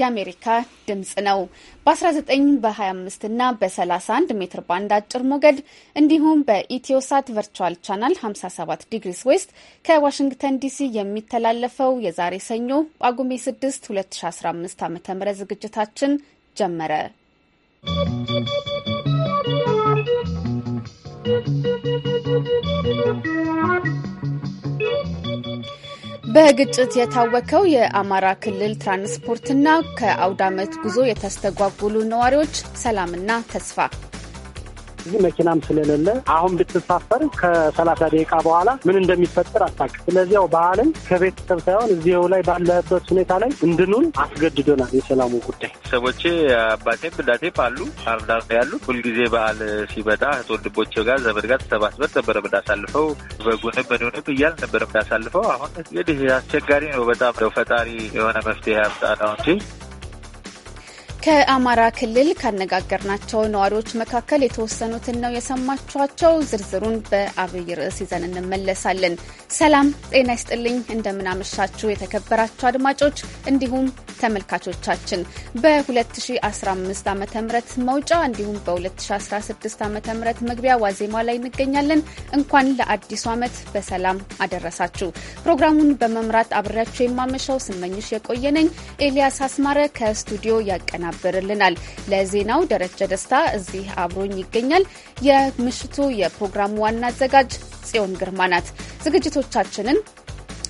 የአሜሪካ ድምጽ ነው። በ19 በ25 እና በ31 ሜትር ባንድ አጭር ሞገድ እንዲሁም በኢትዮሳት ቨርቹዋል ቻናል 57 ዲግሪስ ዌስት ከዋሽንግተን ዲሲ የሚተላለፈው የዛሬ ሰኞ ጳጉሜ 6 2015 ዓ ም ዝግጅታችን ጀመረ። በግጭት የታወከው የአማራ ክልል ትራንስፖርትና ከአውዳመት ጉዞ የተስተጓጉሉ ነዋሪዎች ሰላምና ተስፋ ጊዜ መኪናም ስለሌለ አሁን ብትሳፈር ከሰላሳ ደቂቃ በኋላ ምን እንደሚፈጠር አታውቅም። ስለዚህ ያው ባህልን ከቤተሰብ ሳይሆን እዚው ላይ ባለበት ሁኔታ ላይ እንድኑን አስገድዶናል። የሰላሙ ጉዳይ ሰቦቼ አባቴም እናቴም አሉ አርዳር ያሉ። ሁልጊዜ በዓል ሲመጣ እህት ወንድሞቼ ጋር ዘመድ ጋር ተሰባስበን ነበረ ምናሳልፈው። በጎንም በሆንም እያል ነበረ ምናሳልፈው። አሁን እንግዲህ አስቸጋሪ ነው በጣም ነው። ፈጣሪ የሆነ መፍትሄ ያምጣ ነው እንጂ ከአማራ ክልል ካነጋገርናቸው ነዋሪዎች መካከል የተወሰኑትን ነው የሰማችኋቸው። ዝርዝሩን በአብይ ርዕስ ይዘን እንመለሳለን። ሰላም ጤና ይስጥልኝ። እንደምናመሻችሁ የተከበራችሁ አድማጮች እንዲሁም ተመልካቾቻችን በ2015 ዓ ም መውጫ እንዲሁም በ2016 ዓ ም መግቢያ ዋዜማ ላይ እንገኛለን። እንኳን ለአዲሱ ዓመት በሰላም አደረሳችሁ። ፕሮግራሙን በመምራት አብሬያችሁ የማመሻው ስመኝሽ የቆየነኝ ኤልያስ አስማረ ከስቱዲዮ ያቀናል ያቀናብርልናል። ለዜናው ደረጀ ደስታ እዚህ አብሮኝ ይገኛል። የምሽቱ የፕሮግራሙ ዋና አዘጋጅ ጽዮን ግርማ ናት። ዝግጅቶቻችንን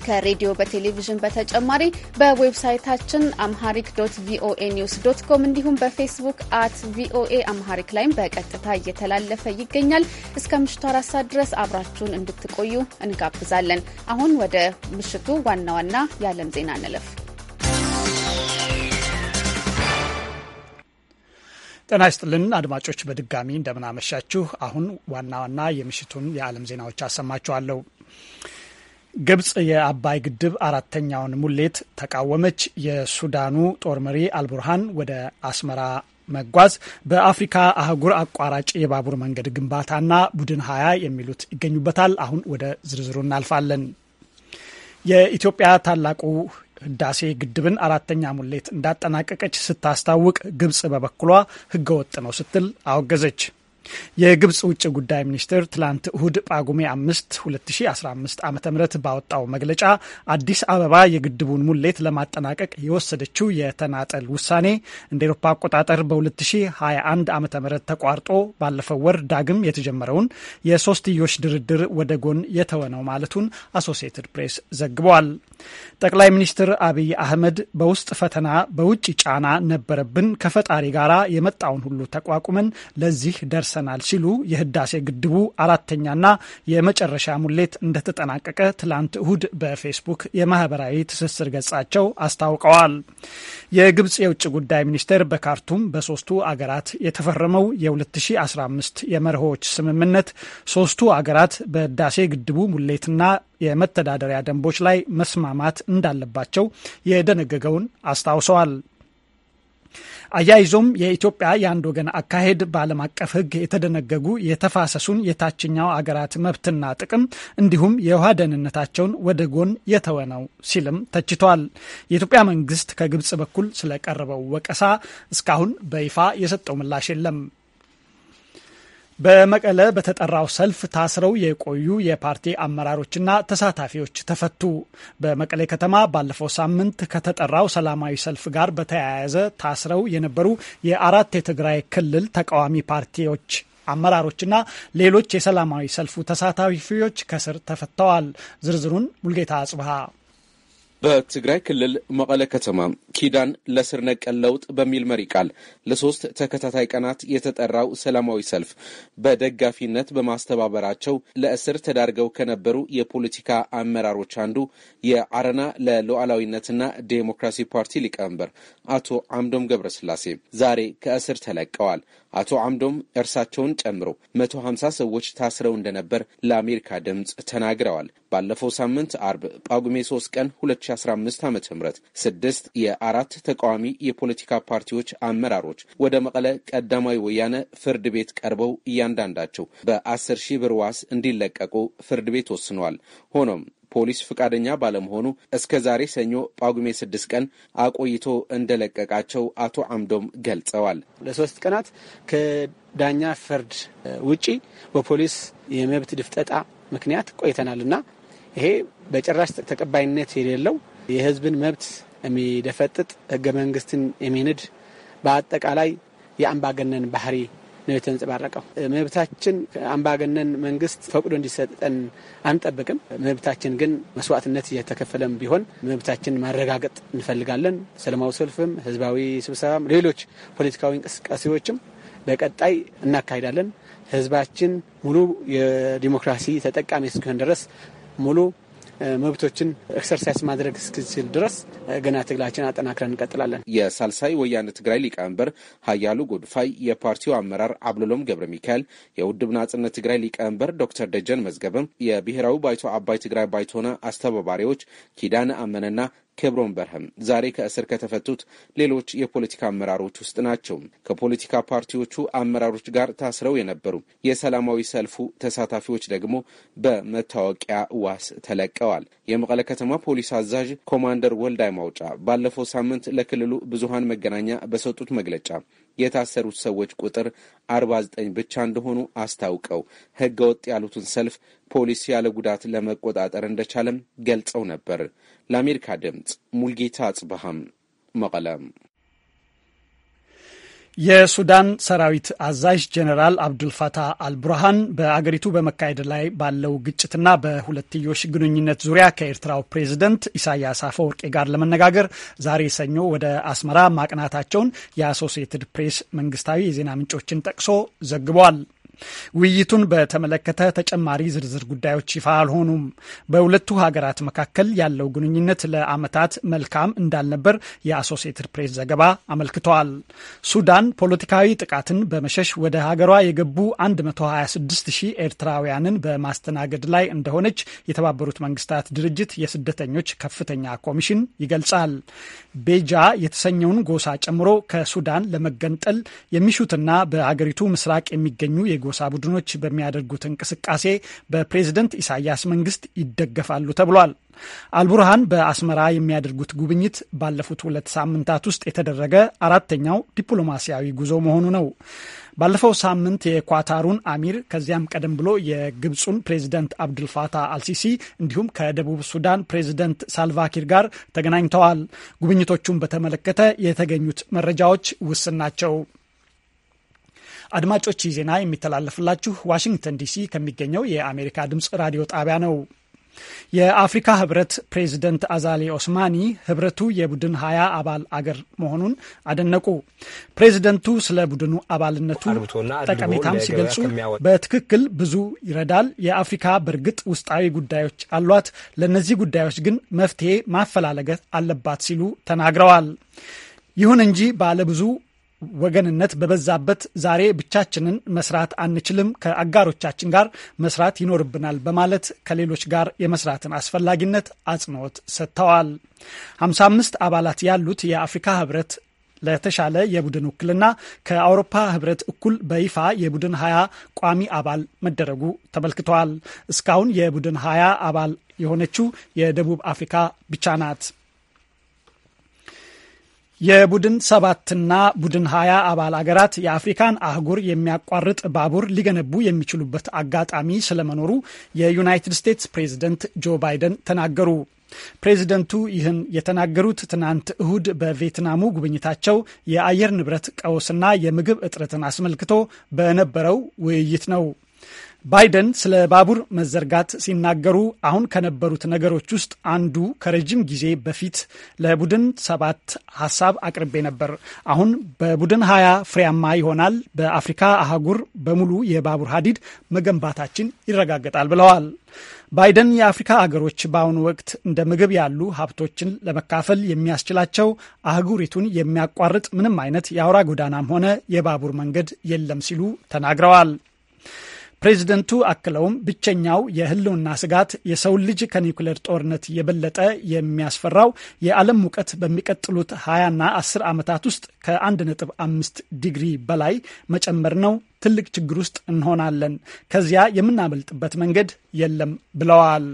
ከሬዲዮ በቴሌቪዥን በተጨማሪ በዌብሳይታችን አምሃሪክ ዶት ቪኦኤ ኒውስ ዶት ኮም እንዲሁም በፌስቡክ አት ቪኦኤ አምሃሪክ ላይም በቀጥታ እየተላለፈ ይገኛል። እስከ ምሽቱ አራት ሰዓት ድረስ አብራችሁን እንድትቆዩ እንጋብዛለን። አሁን ወደ ምሽቱ ዋና ዋና የዓለም ዜና እንለፍ። ጤና ይስጥልን አድማጮች፣ በድጋሚ እንደምናመሻችሁ። አሁን ዋና ዋና የምሽቱን የዓለም ዜናዎች አሰማችኋለሁ። ግብጽ የአባይ ግድብ አራተኛውን ሙሌት ተቃወመች። የሱዳኑ ጦር መሪ አልቡርሃን ወደ አስመራ መጓዝ በአፍሪካ አህጉር አቋራጭ የባቡር መንገድ ግንባታና ቡድን ሀያ የሚሉት ይገኙበታል። አሁን ወደ ዝርዝሩ እናልፋለን። የኢትዮጵያ ታላቁ ህዳሴ ግድብን አራተኛ ሙሌት እንዳጠናቀቀች ስታስታውቅ ግብጽ በበኩሏ ህገወጥ ነው ስትል አወገዘች። የግብጽ ውጭ ጉዳይ ሚኒስትር ትላንት እሁድ ጳጉሜ 5 2015 ዓ ም ባወጣው መግለጫ አዲስ አበባ የግድቡን ሙሌት ለማጠናቀቅ የወሰደችው የተናጠል ውሳኔ እንደ ኤሮፓ አቆጣጠር በ2021 ዓ ም ተቋርጦ ባለፈው ወር ዳግም የተጀመረውን የሶስትዮሽ ድርድር ወደ ጎን የተወነው ማለቱን አሶሲየትድ ፕሬስ ዘግቧል። ጠቅላይ ሚኒስትር አብይ አህመድ በውስጥ ፈተና፣ በውጭ ጫና ነበረብን፣ ከፈጣሪ ጋር የመጣውን ሁሉ ተቋቁመን ለዚህ ደርሰናል ሲሉ የህዳሴ ግድቡ አራተኛና የመጨረሻ ሙሌት እንደተጠናቀቀ ትላንት እሁድ በፌስቡክ የማህበራዊ ትስስር ገጻቸው አስታውቀዋል። የግብፅ የውጭ ጉዳይ ሚኒስቴር በካርቱም በሶስቱ አገራት የተፈረመው የ2015 የመርሆች ስምምነት ሶስቱ አገራት በህዳሴ ግድቡ ሙሌትና የመተዳደሪያ ደንቦች ላይ መስማማት እንዳለባቸው የደነገገውን አስታውሰዋል። አያይዞም የኢትዮጵያ የአንድ ወገን አካሄድ በዓለም አቀፍ ሕግ የተደነገጉ የተፋሰሱን የታችኛው አገራት መብትና ጥቅም እንዲሁም የውሃ ደህንነታቸውን ወደ ጎን የተወ ነው ሲልም ተችቷል። የኢትዮጵያ መንግስት ከግብጽ በኩል ስለቀረበው ወቀሳ እስካሁን በይፋ የሰጠው ምላሽ የለም። በመቀለ በተጠራው ሰልፍ ታስረው የቆዩ የፓርቲ አመራሮችና ተሳታፊዎች ተፈቱ። በመቀለ ከተማ ባለፈው ሳምንት ከተጠራው ሰላማዊ ሰልፍ ጋር በተያያዘ ታስረው የነበሩ የአራት የትግራይ ክልል ተቃዋሚ ፓርቲዎች አመራሮችና ሌሎች የሰላማዊ ሰልፉ ተሳታፊዎች ከስር ተፈተዋል። ዝርዝሩን ሙልጌታ አጽብሃ በትግራይ ክልል መቀለ ከተማ ኪዳን ለስር ነቀል ለውጥ በሚል መሪ ቃል ለሶስት ተከታታይ ቀናት የተጠራው ሰላማዊ ሰልፍ በደጋፊነት በማስተባበራቸው ለእስር ተዳርገው ከነበሩ የፖለቲካ አመራሮች አንዱ የአረና ለሉዓላዊነትና ዴሞክራሲ ፓርቲ ሊቀመንበር አቶ አምዶም ገብረስላሴ ዛሬ ከእስር ተለቀዋል። አቶ አምዶም እርሳቸውን ጨምሮ መቶ ሀምሳ ሰዎች ታስረው እንደነበር ለአሜሪካ ድምፅ ተናግረዋል። ባለፈው ሳምንት አርብ ጳጉሜ 3 ቀን 2015 ዓ ም ስድስት የአራት ተቃዋሚ የፖለቲካ ፓርቲዎች አመራሮች ወደ መቀለ ቀዳማዊ ወያነ ፍርድ ቤት ቀርበው እያንዳንዳቸው 10 ሺህ ብር ዋስ እንዲለቀቁ ፍርድ ቤት ወስኗል። ሆኖም ፖሊስ ፍቃደኛ ባለመሆኑ እስከ ዛሬ ሰኞ ጳጉሜ ስድስት ቀን አቆይቶ እንደለቀቃቸው አቶ አምዶም ገልጸዋል። ለሶስት ቀናት ከዳኛ ፍርድ ውጪ በፖሊስ የመብት ድፍጠጣ ምክንያት ቆይተናልና ይሄ በጭራሽ ተቀባይነት የሌለው የህዝብን መብት የሚደፈጥጥ ህገ መንግስትን የሚንድ በአጠቃላይ የአምባገነን ባህሪ ነው የተንጸባረቀው። መብታችን አምባገነን መንግስት ፈቅዶ እንዲሰጠን አንጠብቅም። መብታችን ግን መስዋዕትነት እየተከፈለም ቢሆን መብታችን ማረጋገጥ እንፈልጋለን። ሰላማዊ ሰልፍም፣ ህዝባዊ ስብሰባም፣ ሌሎች ፖለቲካዊ እንቅስቃሴዎችም በቀጣይ እናካሂዳለን። ህዝባችን ሙሉ የዲሞክራሲ ተጠቃሚ እስኪሆን ድረስ ሙሉ መብቶችን ኤክሰርሳይዝ ማድረግ እስክችል ድረስ ገና ትግላችን አጠናክረን እንቀጥላለን። የሳልሳይ ወያነ ትግራይ ሊቀመንበር ሀያሉ ጎድፋይ፣ የፓርቲው አመራር አብሎሎም ገብረ ሚካኤል፣ የውድብ ናጽነት ትግራይ ሊቀመንበር ዶክተር ደጀን መዝገበም፣ የብሔራዊ ባይቶ አባይ ትግራይ ባይቶና አስተባባሪዎች ኪዳነ አመነና ኬብሮን በርሃም ዛሬ ከእስር ከተፈቱት ሌሎች የፖለቲካ አመራሮች ውስጥ ናቸው። ከፖለቲካ ፓርቲዎቹ አመራሮች ጋር ታስረው የነበሩ የሰላማዊ ሰልፉ ተሳታፊዎች ደግሞ በመታወቂያ ዋስ ተለቀዋል። የመቀለ ከተማ ፖሊስ አዛዥ ኮማንደር ወልዳይ ማውጫ ባለፈው ሳምንት ለክልሉ ብዙሃን መገናኛ በሰጡት መግለጫ የታሰሩት ሰዎች ቁጥር 49 ብቻ እንደሆኑ አስታውቀው ህገ ወጥ ያሉትን ሰልፍ ፖሊስ ያለ ጉዳት ለመቆጣጠር እንደቻለም ገልጸው ነበር። ለአሜሪካ ድምፅ ሙልጌታ አጽብሃም መቀለም የሱዳን ሰራዊት አዛዥ ጀኔራል አብዱልፋታ አልቡርሃን በአገሪቱ በመካሄድ ላይ ባለው ግጭትና በሁለትዮሽ ግንኙነት ዙሪያ ከኤርትራው ፕሬዝደንት ኢሳያስ አፈወርቄ ጋር ለመነጋገር ዛሬ ሰኞ ወደ አስመራ ማቅናታቸውን የአሶሲየትድ ፕሬስ መንግስታዊ የዜና ምንጮችን ጠቅሶ ዘግቧል። ውይይቱን በተመለከተ ተጨማሪ ዝርዝር ጉዳዮች ይፋ አልሆኑም። በሁለቱ ሀገራት መካከል ያለው ግንኙነት ለዓመታት መልካም እንዳልነበር የአሶሴትድ ፕሬስ ዘገባ አመልክተዋል። ሱዳን ፖለቲካዊ ጥቃትን በመሸሽ ወደ ሀገሯ የገቡ 126 ሺህ ኤርትራውያንን በማስተናገድ ላይ እንደሆነች የተባበሩት መንግስታት ድርጅት የስደተኞች ከፍተኛ ኮሚሽን ይገልጻል። ቤጃ የተሰኘውን ጎሳ ጨምሮ ከሱዳን ለመገንጠል የሚሹትና በሀገሪቱ ምስራቅ የሚገኙ የጎሳ ቡድኖች በሚያደርጉት እንቅስቃሴ በፕሬዝደንት ኢሳያስ መንግስት ይደገፋሉ ተብሏል። አልቡርሃን በአስመራ የሚያደርጉት ጉብኝት ባለፉት ሁለት ሳምንታት ውስጥ የተደረገ አራተኛው ዲፕሎማሲያዊ ጉዞ መሆኑ ነው። ባለፈው ሳምንት የኳታሩን አሚር ከዚያም ቀደም ብሎ የግብፁን ፕሬዚደንት አብዱልፋታ አልሲሲ እንዲሁም ከደቡብ ሱዳን ፕሬዚደንት ሳልቫኪር ጋር ተገናኝተዋል። ጉብኝቶቹን በተመለከተ የተገኙት መረጃዎች ውስን ናቸው። አድማጮች ይህ ዜና የሚተላለፍላችሁ ዋሽንግተን ዲሲ ከሚገኘው የአሜሪካ ድምፅ ራዲዮ ጣቢያ ነው። የአፍሪካ ህብረት ፕሬዚደንት አዛሊ ኦስማኒ ህብረቱ የቡድን ሀያ አባል አገር መሆኑን አደነቁ። ፕሬዚደንቱ ስለ ቡድኑ አባልነቱ ጠቀሜታም ሲገልጹ በትክክል ብዙ ይረዳል፣ የአፍሪካ በእርግጥ ውስጣዊ ጉዳዮች አሏት፣ ለእነዚህ ጉዳዮች ግን መፍትሄ ማፈላለገት አለባት ሲሉ ተናግረዋል። ይሁን እንጂ ባለብዙ ወገንነት በበዛበት ዛሬ ብቻችንን መስራት አንችልም፣ ከአጋሮቻችን ጋር መስራት ይኖርብናል በማለት ከሌሎች ጋር የመስራትን አስፈላጊነት አጽንኦት ሰጥተዋል። 55 አባላት ያሉት የአፍሪካ ህብረት ለተሻለ የቡድን ውክልና ከአውሮፓ ህብረት እኩል በይፋ የቡድን ሀያ ቋሚ አባል መደረጉ ተመልክተዋል። እስካሁን የቡድን ሀያ አባል የሆነችው የደቡብ አፍሪካ ብቻ ናት። የቡድን ሰባትና ቡድን ሀያ አባል አገራት የአፍሪካን አህጉር የሚያቋርጥ ባቡር ሊገነቡ የሚችሉበት አጋጣሚ ስለመኖሩ የዩናይትድ ስቴትስ ፕሬዝደንት ጆ ባይደን ተናገሩ። ፕሬዚደንቱ ይህን የተናገሩት ትናንት እሁድ በቪየትናሙ ጉብኝታቸው የአየር ንብረት ቀውስና የምግብ እጥረትን አስመልክቶ በነበረው ውይይት ነው። ባይደን ስለ ባቡር መዘርጋት ሲናገሩ አሁን ከነበሩት ነገሮች ውስጥ አንዱ ከረጅም ጊዜ በፊት ለቡድን ሰባት ሀሳብ አቅርቤ ነበር፣ አሁን በቡድን ሀያ ፍሬያማ ይሆናል፣ በአፍሪካ አህጉር በሙሉ የባቡር ሀዲድ መገንባታችን ይረጋገጣል ብለዋል። ባይደን የአፍሪካ አገሮች በአሁኑ ወቅት እንደ ምግብ ያሉ ሀብቶችን ለመካፈል የሚያስችላቸው አህጉሪቱን የሚያቋርጥ ምንም አይነት የአውራ ጎዳናም ሆነ የባቡር መንገድ የለም ሲሉ ተናግረዋል። ፕሬዚደንቱ አክለውም ብቸኛው የህልውና ስጋት የሰውን ልጅ ከኒውክሌር ጦርነት የበለጠ የሚያስፈራው የዓለም ሙቀት በሚቀጥሉት 20ና 10 ዓመታት ውስጥ ከ1.5 ዲግሪ በላይ መጨመር ነው። ትልቅ ችግር ውስጥ እንሆናለን። ከዚያ የምናመልጥበት መንገድ የለም ብለዋል።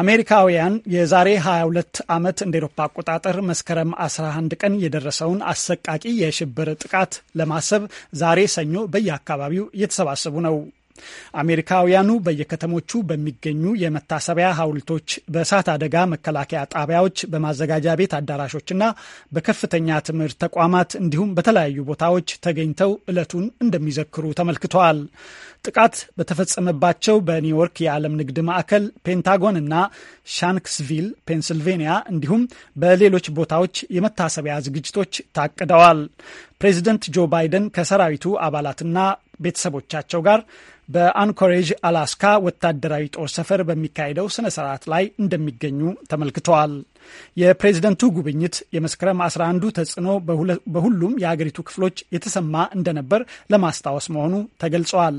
አሜሪካውያን የዛሬ 22 ዓመት እንደ ኤሮፓ አቆጣጠር መስከረም 11 ቀን የደረሰውን አሰቃቂ የሽብር ጥቃት ለማሰብ ዛሬ ሰኞ በየአካባቢው እየተሰባሰቡ ነው። አሜሪካውያኑ በየከተሞቹ በሚገኙ የመታሰቢያ ሐውልቶች፣ በእሳት አደጋ መከላከያ ጣቢያዎች፣ በማዘጋጃ ቤት አዳራሾችና በከፍተኛ ትምህርት ተቋማት እንዲሁም በተለያዩ ቦታዎች ተገኝተው ዕለቱን እንደሚዘክሩ ተመልክተዋል። ጥቃት በተፈጸመባቸው በኒውዮርክ የዓለም ንግድ ማዕከል፣ ፔንታጎን እና ሻንክስቪል ፔንስልቬንያ እንዲሁም በሌሎች ቦታዎች የመታሰቢያ ዝግጅቶች ታቅደዋል። ፕሬዚደንት ጆ ባይደን ከሰራዊቱ አባላትና ቤተሰቦቻቸው ጋር በአንኮሬጅ አላስካ ወታደራዊ ጦር ሰፈር በሚካሄደው ስነ ስርዓት ላይ እንደሚገኙ ተመልክተዋል። የፕሬዝደንቱ ጉብኝት የመስከረም 11ዱ ተጽዕኖ በሁሉም የአገሪቱ ክፍሎች የተሰማ እንደነበር ለማስታወስ መሆኑ ተገልጸዋል።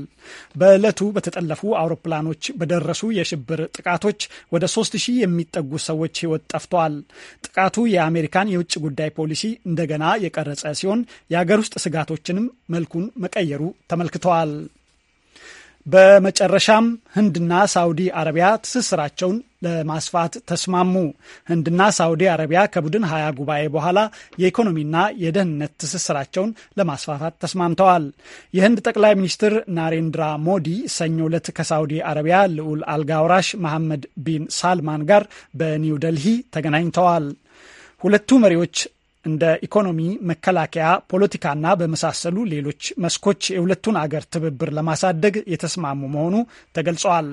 በዕለቱ በተጠለፉ አውሮፕላኖች በደረሱ የሽብር ጥቃቶች ወደ 3000 የሚጠጉ ሰዎች ሕይወት ጠፍተዋል። ጥቃቱ የአሜሪካን የውጭ ጉዳይ ፖሊሲ እንደገና የቀረጸ ሲሆን የአገር ውስጥ ስጋቶችንም መልኩን መቀየሩ ተመልክተዋል። በመጨረሻም ህንድና ሳውዲ አረቢያ ትስስራቸውን ለማስፋት ተስማሙ። ህንድና ሳውዲ አረቢያ ከቡድን ሀያ ጉባኤ በኋላ የኢኮኖሚና የደህንነት ትስስራቸውን ለማስፋፋት ተስማምተዋል። የህንድ ጠቅላይ ሚኒስትር ናሬንድራ ሞዲ ሰኞ ዕለት ከሳውዲ አረቢያ ልዑል አልጋውራሽ መሐመድ ቢን ሳልማን ጋር በኒው ደልሂ ተገናኝተዋል። ሁለቱ መሪዎች እንደ ኢኮኖሚ፣ መከላከያ፣ ፖለቲካና በመሳሰሉ ሌሎች መስኮች የሁለቱን አገር ትብብር ለማሳደግ የተስማሙ መሆኑ ተገልጸዋል።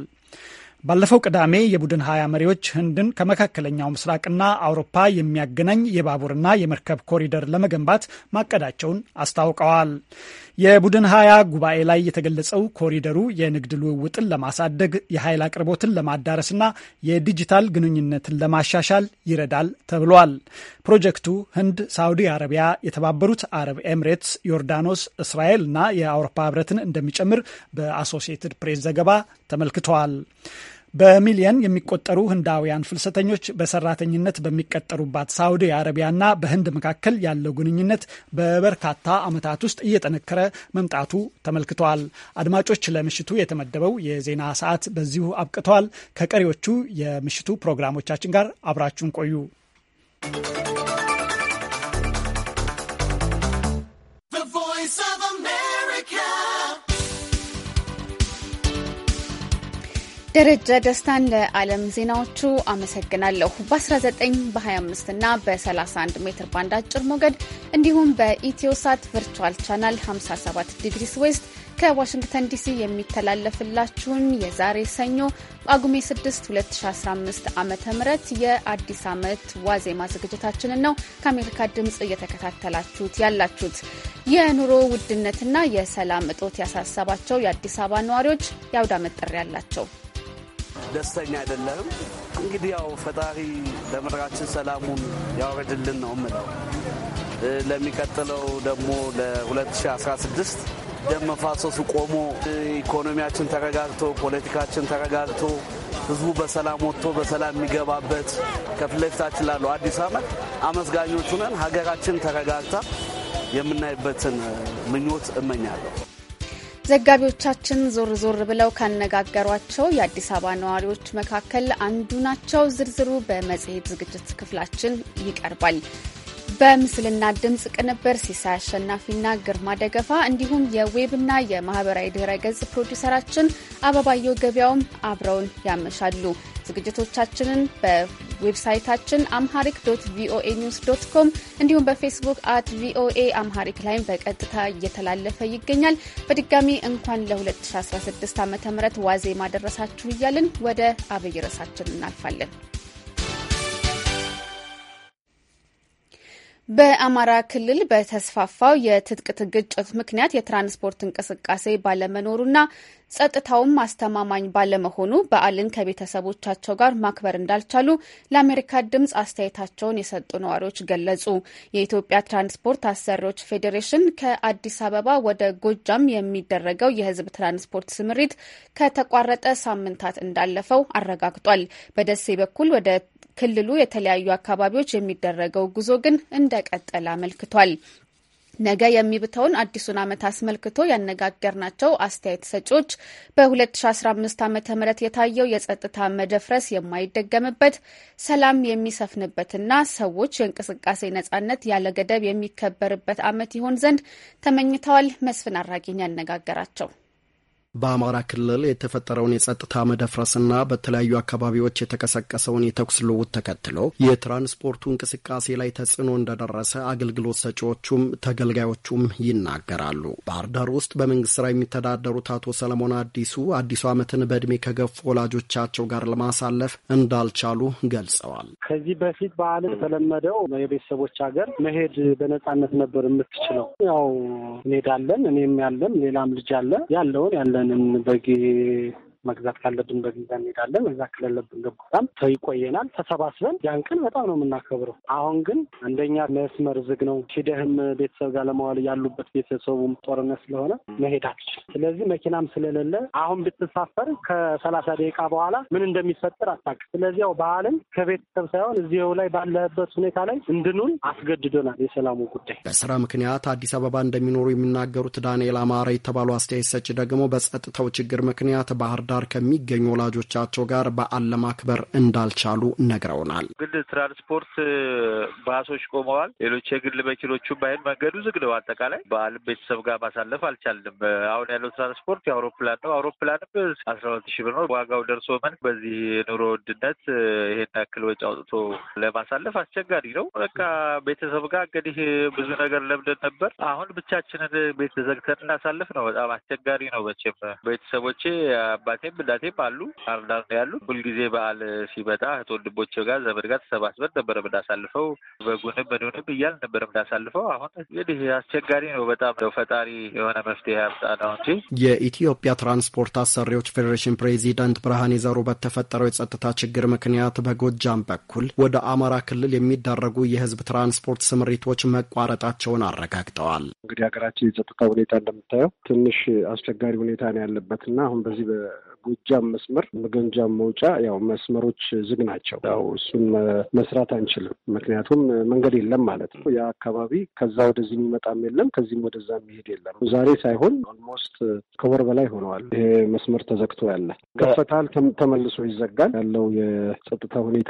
ባለፈው ቅዳሜ የቡድን ሀያ መሪዎች ህንድን ከመካከለኛው ምስራቅና አውሮፓ የሚያገናኝ የባቡርና የመርከብ ኮሪደር ለመገንባት ማቀዳቸውን አስታውቀዋል። የቡድን ሀያ ጉባኤ ላይ የተገለጸው ኮሪደሩ የንግድ ልውውጥን ለማሳደግ የኃይል አቅርቦትን ለማዳረስና የዲጂታል ግንኙነትን ለማሻሻል ይረዳል ተብሏል። ፕሮጀክቱ ህንድ፣ ሳውዲ አረቢያ፣ የተባበሩት አረብ ኤምሬትስ፣ ዮርዳኖስ፣ እስራኤል እና የአውሮፓ ህብረትን እንደሚጨምር በአሶሲየትድ ፕሬስ ዘገባ ተመልክተዋል። በሚሊየን የሚቆጠሩ ህንዳውያን ፍልሰተኞች በሰራተኝነት በሚቀጠሩባት አረቢያ አረቢያና በህንድ መካከል ያለው ግንኙነት በበርካታ ዓመታት ውስጥ እየጠነከረ መምጣቱ ተመልክተዋል። አድማጮች፣ ለምሽቱ የተመደበው የዜና ሰዓት በዚሁ አብቅተዋል። ከቀሪዎቹ የምሽቱ ፕሮግራሞቻችን ጋር አብራችሁን ቆዩ። ደረጀ ደስታን ለዓለም ዜናዎቹ አመሰግናለሁ። በ19 በ25 እና በ31 ሜትር ባንድ አጭር ሞገድ እንዲሁም በኢትዮሳት ቨርቹዋል ቻናል 57 ዲግሪስ ዌስት ከዋሽንግተን ዲሲ የሚተላለፍላችሁን የዛሬ ሰኞ ጳጉሜ 6 2015 ዓ ም የአዲስ ዓመት ዋዜማ ዝግጅታችንን ነው ከአሜሪካ ድምፅ እየተከታተላችሁት ያላችሁት። የኑሮ ውድነትና የሰላም እጦት ያሳሰባቸው የአዲስ አበባ ነዋሪዎች የአውዳመት ጥሪ ያላቸው ደስተኛ አይደለም እንግዲህ ያው ፈጣሪ ለምድራችን ሰላሙን ያወረድልን ነው ምለው ለሚቀጥለው ደግሞ ለ2016 ደም መፋሰሱ ቆሞ ኢኮኖሚያችን ተረጋግቶ ፖለቲካችን ተረጋግቶ ህዝቡ በሰላም ወጥቶ በሰላም የሚገባበት ከፊት ለፊታችን ላለው አዲስ ዓመት አመስጋኞቹ ነን። ሀገራችን ተረጋግታ የምናይበትን ምኞት እመኛለሁ። ዘጋቢዎቻችን ዞር ዞር ብለው ካነጋገሯቸው የአዲስ አበባ ነዋሪዎች መካከል አንዱ ናቸው። ዝርዝሩ በመጽሔት ዝግጅት ክፍላችን ይቀርባል። በምስልና ድምፅ ቅንብር ሲሳይ አሸናፊና ግርማ ደገፋ እንዲሁም የዌብና የማህበራዊ ድህረ ገጽ ፕሮዲውሰራችን አበባየው ገበያውም አብረውን ያመሻሉ። ዝግጅቶቻችንን በዌብሳይታችን አምሃሪክ ዶት ቪኦኤ ኒውስ ዶት ኮም እንዲሁም በፌስቡክ አት ቪኦኤ አምሃሪክ ላይም በቀጥታ እየተላለፈ ይገኛል። በድጋሚ እንኳን ለ2016 ዓ ም ዋዜማ ደረሳችሁ እያልን ወደ አብይ ርዕሳችን እናልፋለን። በአማራ ክልል በተስፋፋው የትጥቅ ግጭት ምክንያት የትራንስፖርት እንቅስቃሴ ባለመኖሩና ጸጥታውም አስተማማኝ ባለመሆኑ በዓልን ከቤተሰቦቻቸው ጋር ማክበር እንዳልቻሉ ለአሜሪካ ድምፅ አስተያየታቸውን የሰጡ ነዋሪዎች ገለጹ። የኢትዮጵያ ትራንስፖርት አሰሪዎች ፌዴሬሽን ከአዲስ አበባ ወደ ጎጃም የሚደረገው የህዝብ ትራንስፖርት ስምሪት ከተቋረጠ ሳምንታት እንዳለፈው አረጋግጧል። በደሴ በኩል ወደ ክልሉ የተለያዩ አካባቢዎች የሚደረገው ጉዞ ግን እንደቀጠለ አመልክቷል። ነገ የሚብተውን አዲሱን ዓመት አስመልክቶ ያነጋገርናቸው አስተያየት ሰጪዎች በ2015 ዓ ም የታየው የጸጥታ መደፍረስ የማይደገምበት ሰላም የሚሰፍንበትና ሰዎች የእንቅስቃሴ ነጻነት ያለ ገደብ የሚከበርበት ዓመት ይሆን ዘንድ ተመኝተዋል። መስፍን አራጊን ያነጋገራቸው በአማራ ክልል የተፈጠረውን የጸጥታ መደፍረስና በተለያዩ አካባቢዎች የተቀሰቀሰውን የተኩስ ልውውጥ ተከትሎ የትራንስፖርቱ እንቅስቃሴ ላይ ተጽዕኖ እንደደረሰ አገልግሎት ሰጪዎቹም ተገልጋዮቹም ይናገራሉ። ባህር ዳር ውስጥ በመንግስት ስራ የሚተዳደሩት አቶ ሰለሞን አዲሱ አዲሱ ዓመትን በእድሜ ከገፉ ወላጆቻቸው ጋር ለማሳለፍ እንዳልቻሉ ገልጸዋል። ከዚህ በፊት በዓል የተለመደው የቤተሰቦች ሀገር መሄድ በነጻነት ነበር የምትችለው። ያው እንሄዳለን፣ እኔም ያለን ሌላም ልጅ አለ ያለውን ያለ አለን በጊ መግዛት ካለብን በቪዛ እንሄዳለን። እዛ ክለለብን ገቦታም ይቆየናል። ተሰባስበን ያን ቀን በጣም ነው የምናከብረው። አሁን ግን አንደኛ መስመር ዝግ ነው። ሂደህም ቤተሰብ ጋር ለመዋል ያሉበት ቤተሰቡም ጦርነት ስለሆነ መሄድ አትችል። ስለዚህ መኪናም ስለሌለ አሁን ብትሳፈር ከሰላሳ ደቂቃ በኋላ ምን እንደሚፈጠር አታውቅም። ስለዚህ ያው ባህልን ከቤተሰብ ሳይሆን እዚው ላይ ባለህበት ሁኔታ ላይ እንድኑን አስገድዶናል። የሰላሙ ጉዳይ በስራ ምክንያት አዲስ አበባ እንደሚኖሩ የሚናገሩት ዳንኤል አማረ የተባሉ አስተያየት ሰጭ ደግሞ በጸጥታው ችግር ምክንያት ባህር ዳር ከሚገኙ ወላጆቻቸው ጋር በዓል ለማክበር እንዳልቻሉ ነግረውናል። ግን ትራንስፖርት ባሶች ቆመዋል። ሌሎች የግል መኪኖቹ ባይን መንገዱ ዝግ ነው። አጠቃላይ በዓልም ቤተሰብ ጋር ማሳለፍ አልቻልንም። አሁን ያለው ትራንስፖርት የአውሮፕላን ነው። አውሮፕላንም አስራ ሁለት ሺ ብር ነው ዋጋው ደርሶ መን በዚህ ኑሮ ውድነት ይሄን ያክል ወጪ አውጥቶ ለማሳለፍ አስቸጋሪ ነው። በቃ ቤተሰብ ጋር እንግዲህ ብዙ ነገር ለምደን ነበር። አሁን ብቻችንን ቤት ዘግተን እናሳልፍ ነው። በጣም አስቸጋሪ ነው። መቼም ቤተሰቦቼ አባ አባቴም እናቴም አሉ ባህርዳር ነው ያሉ። ሁልጊዜ በዓል ሲመጣ እህት ወንድሞቼ ጋር ዘመድ ጋር ተሰባስበን ነበረ የምናሳልፈው። በጎንም በዶንም እያል ነበረ የምናሳልፈው። አሁን እንግዲህ አስቸጋሪ ነው በጣም ነው። ፈጣሪ የሆነ መፍትሄ ያምጣ ነው እንጂ። የኢትዮጵያ ትራንስፖርት አሰሪዎች ፌዴሬሽን ፕሬዚዳንት ብርሃኔ ዘሩ በተፈጠረው የጸጥታ ችግር ምክንያት በጎጃም በኩል ወደ አማራ ክልል የሚደረጉ የህዝብ ትራንስፖርት ስምሪቶች መቋረጣቸውን አረጋግጠዋል። እንግዲህ ሀገራችን የጸጥታ ሁኔታ እንደምታየው ትንሽ አስቸጋሪ ሁኔታ ነው ያለበት እና አሁን በዚህ ጎጃም መስመር መገንጃም መውጫ ያው መስመሮች ዝግ ናቸው። ያው እሱን መስራት አንችልም፣ ምክንያቱም መንገድ የለም ማለት ነው። ያ አካባቢ ከዛ ወደዚህ የሚመጣም የለም፣ ከዚህም ወደዛ የሚሄድ የለም። ዛሬ ሳይሆን ኦልሞስት ከወር በላይ ሆነዋል ይሄ መስመር ተዘግቶ ያለ ከፈታል፣ ተመልሶ ይዘጋል። ያለው የጸጥታ ሁኔታ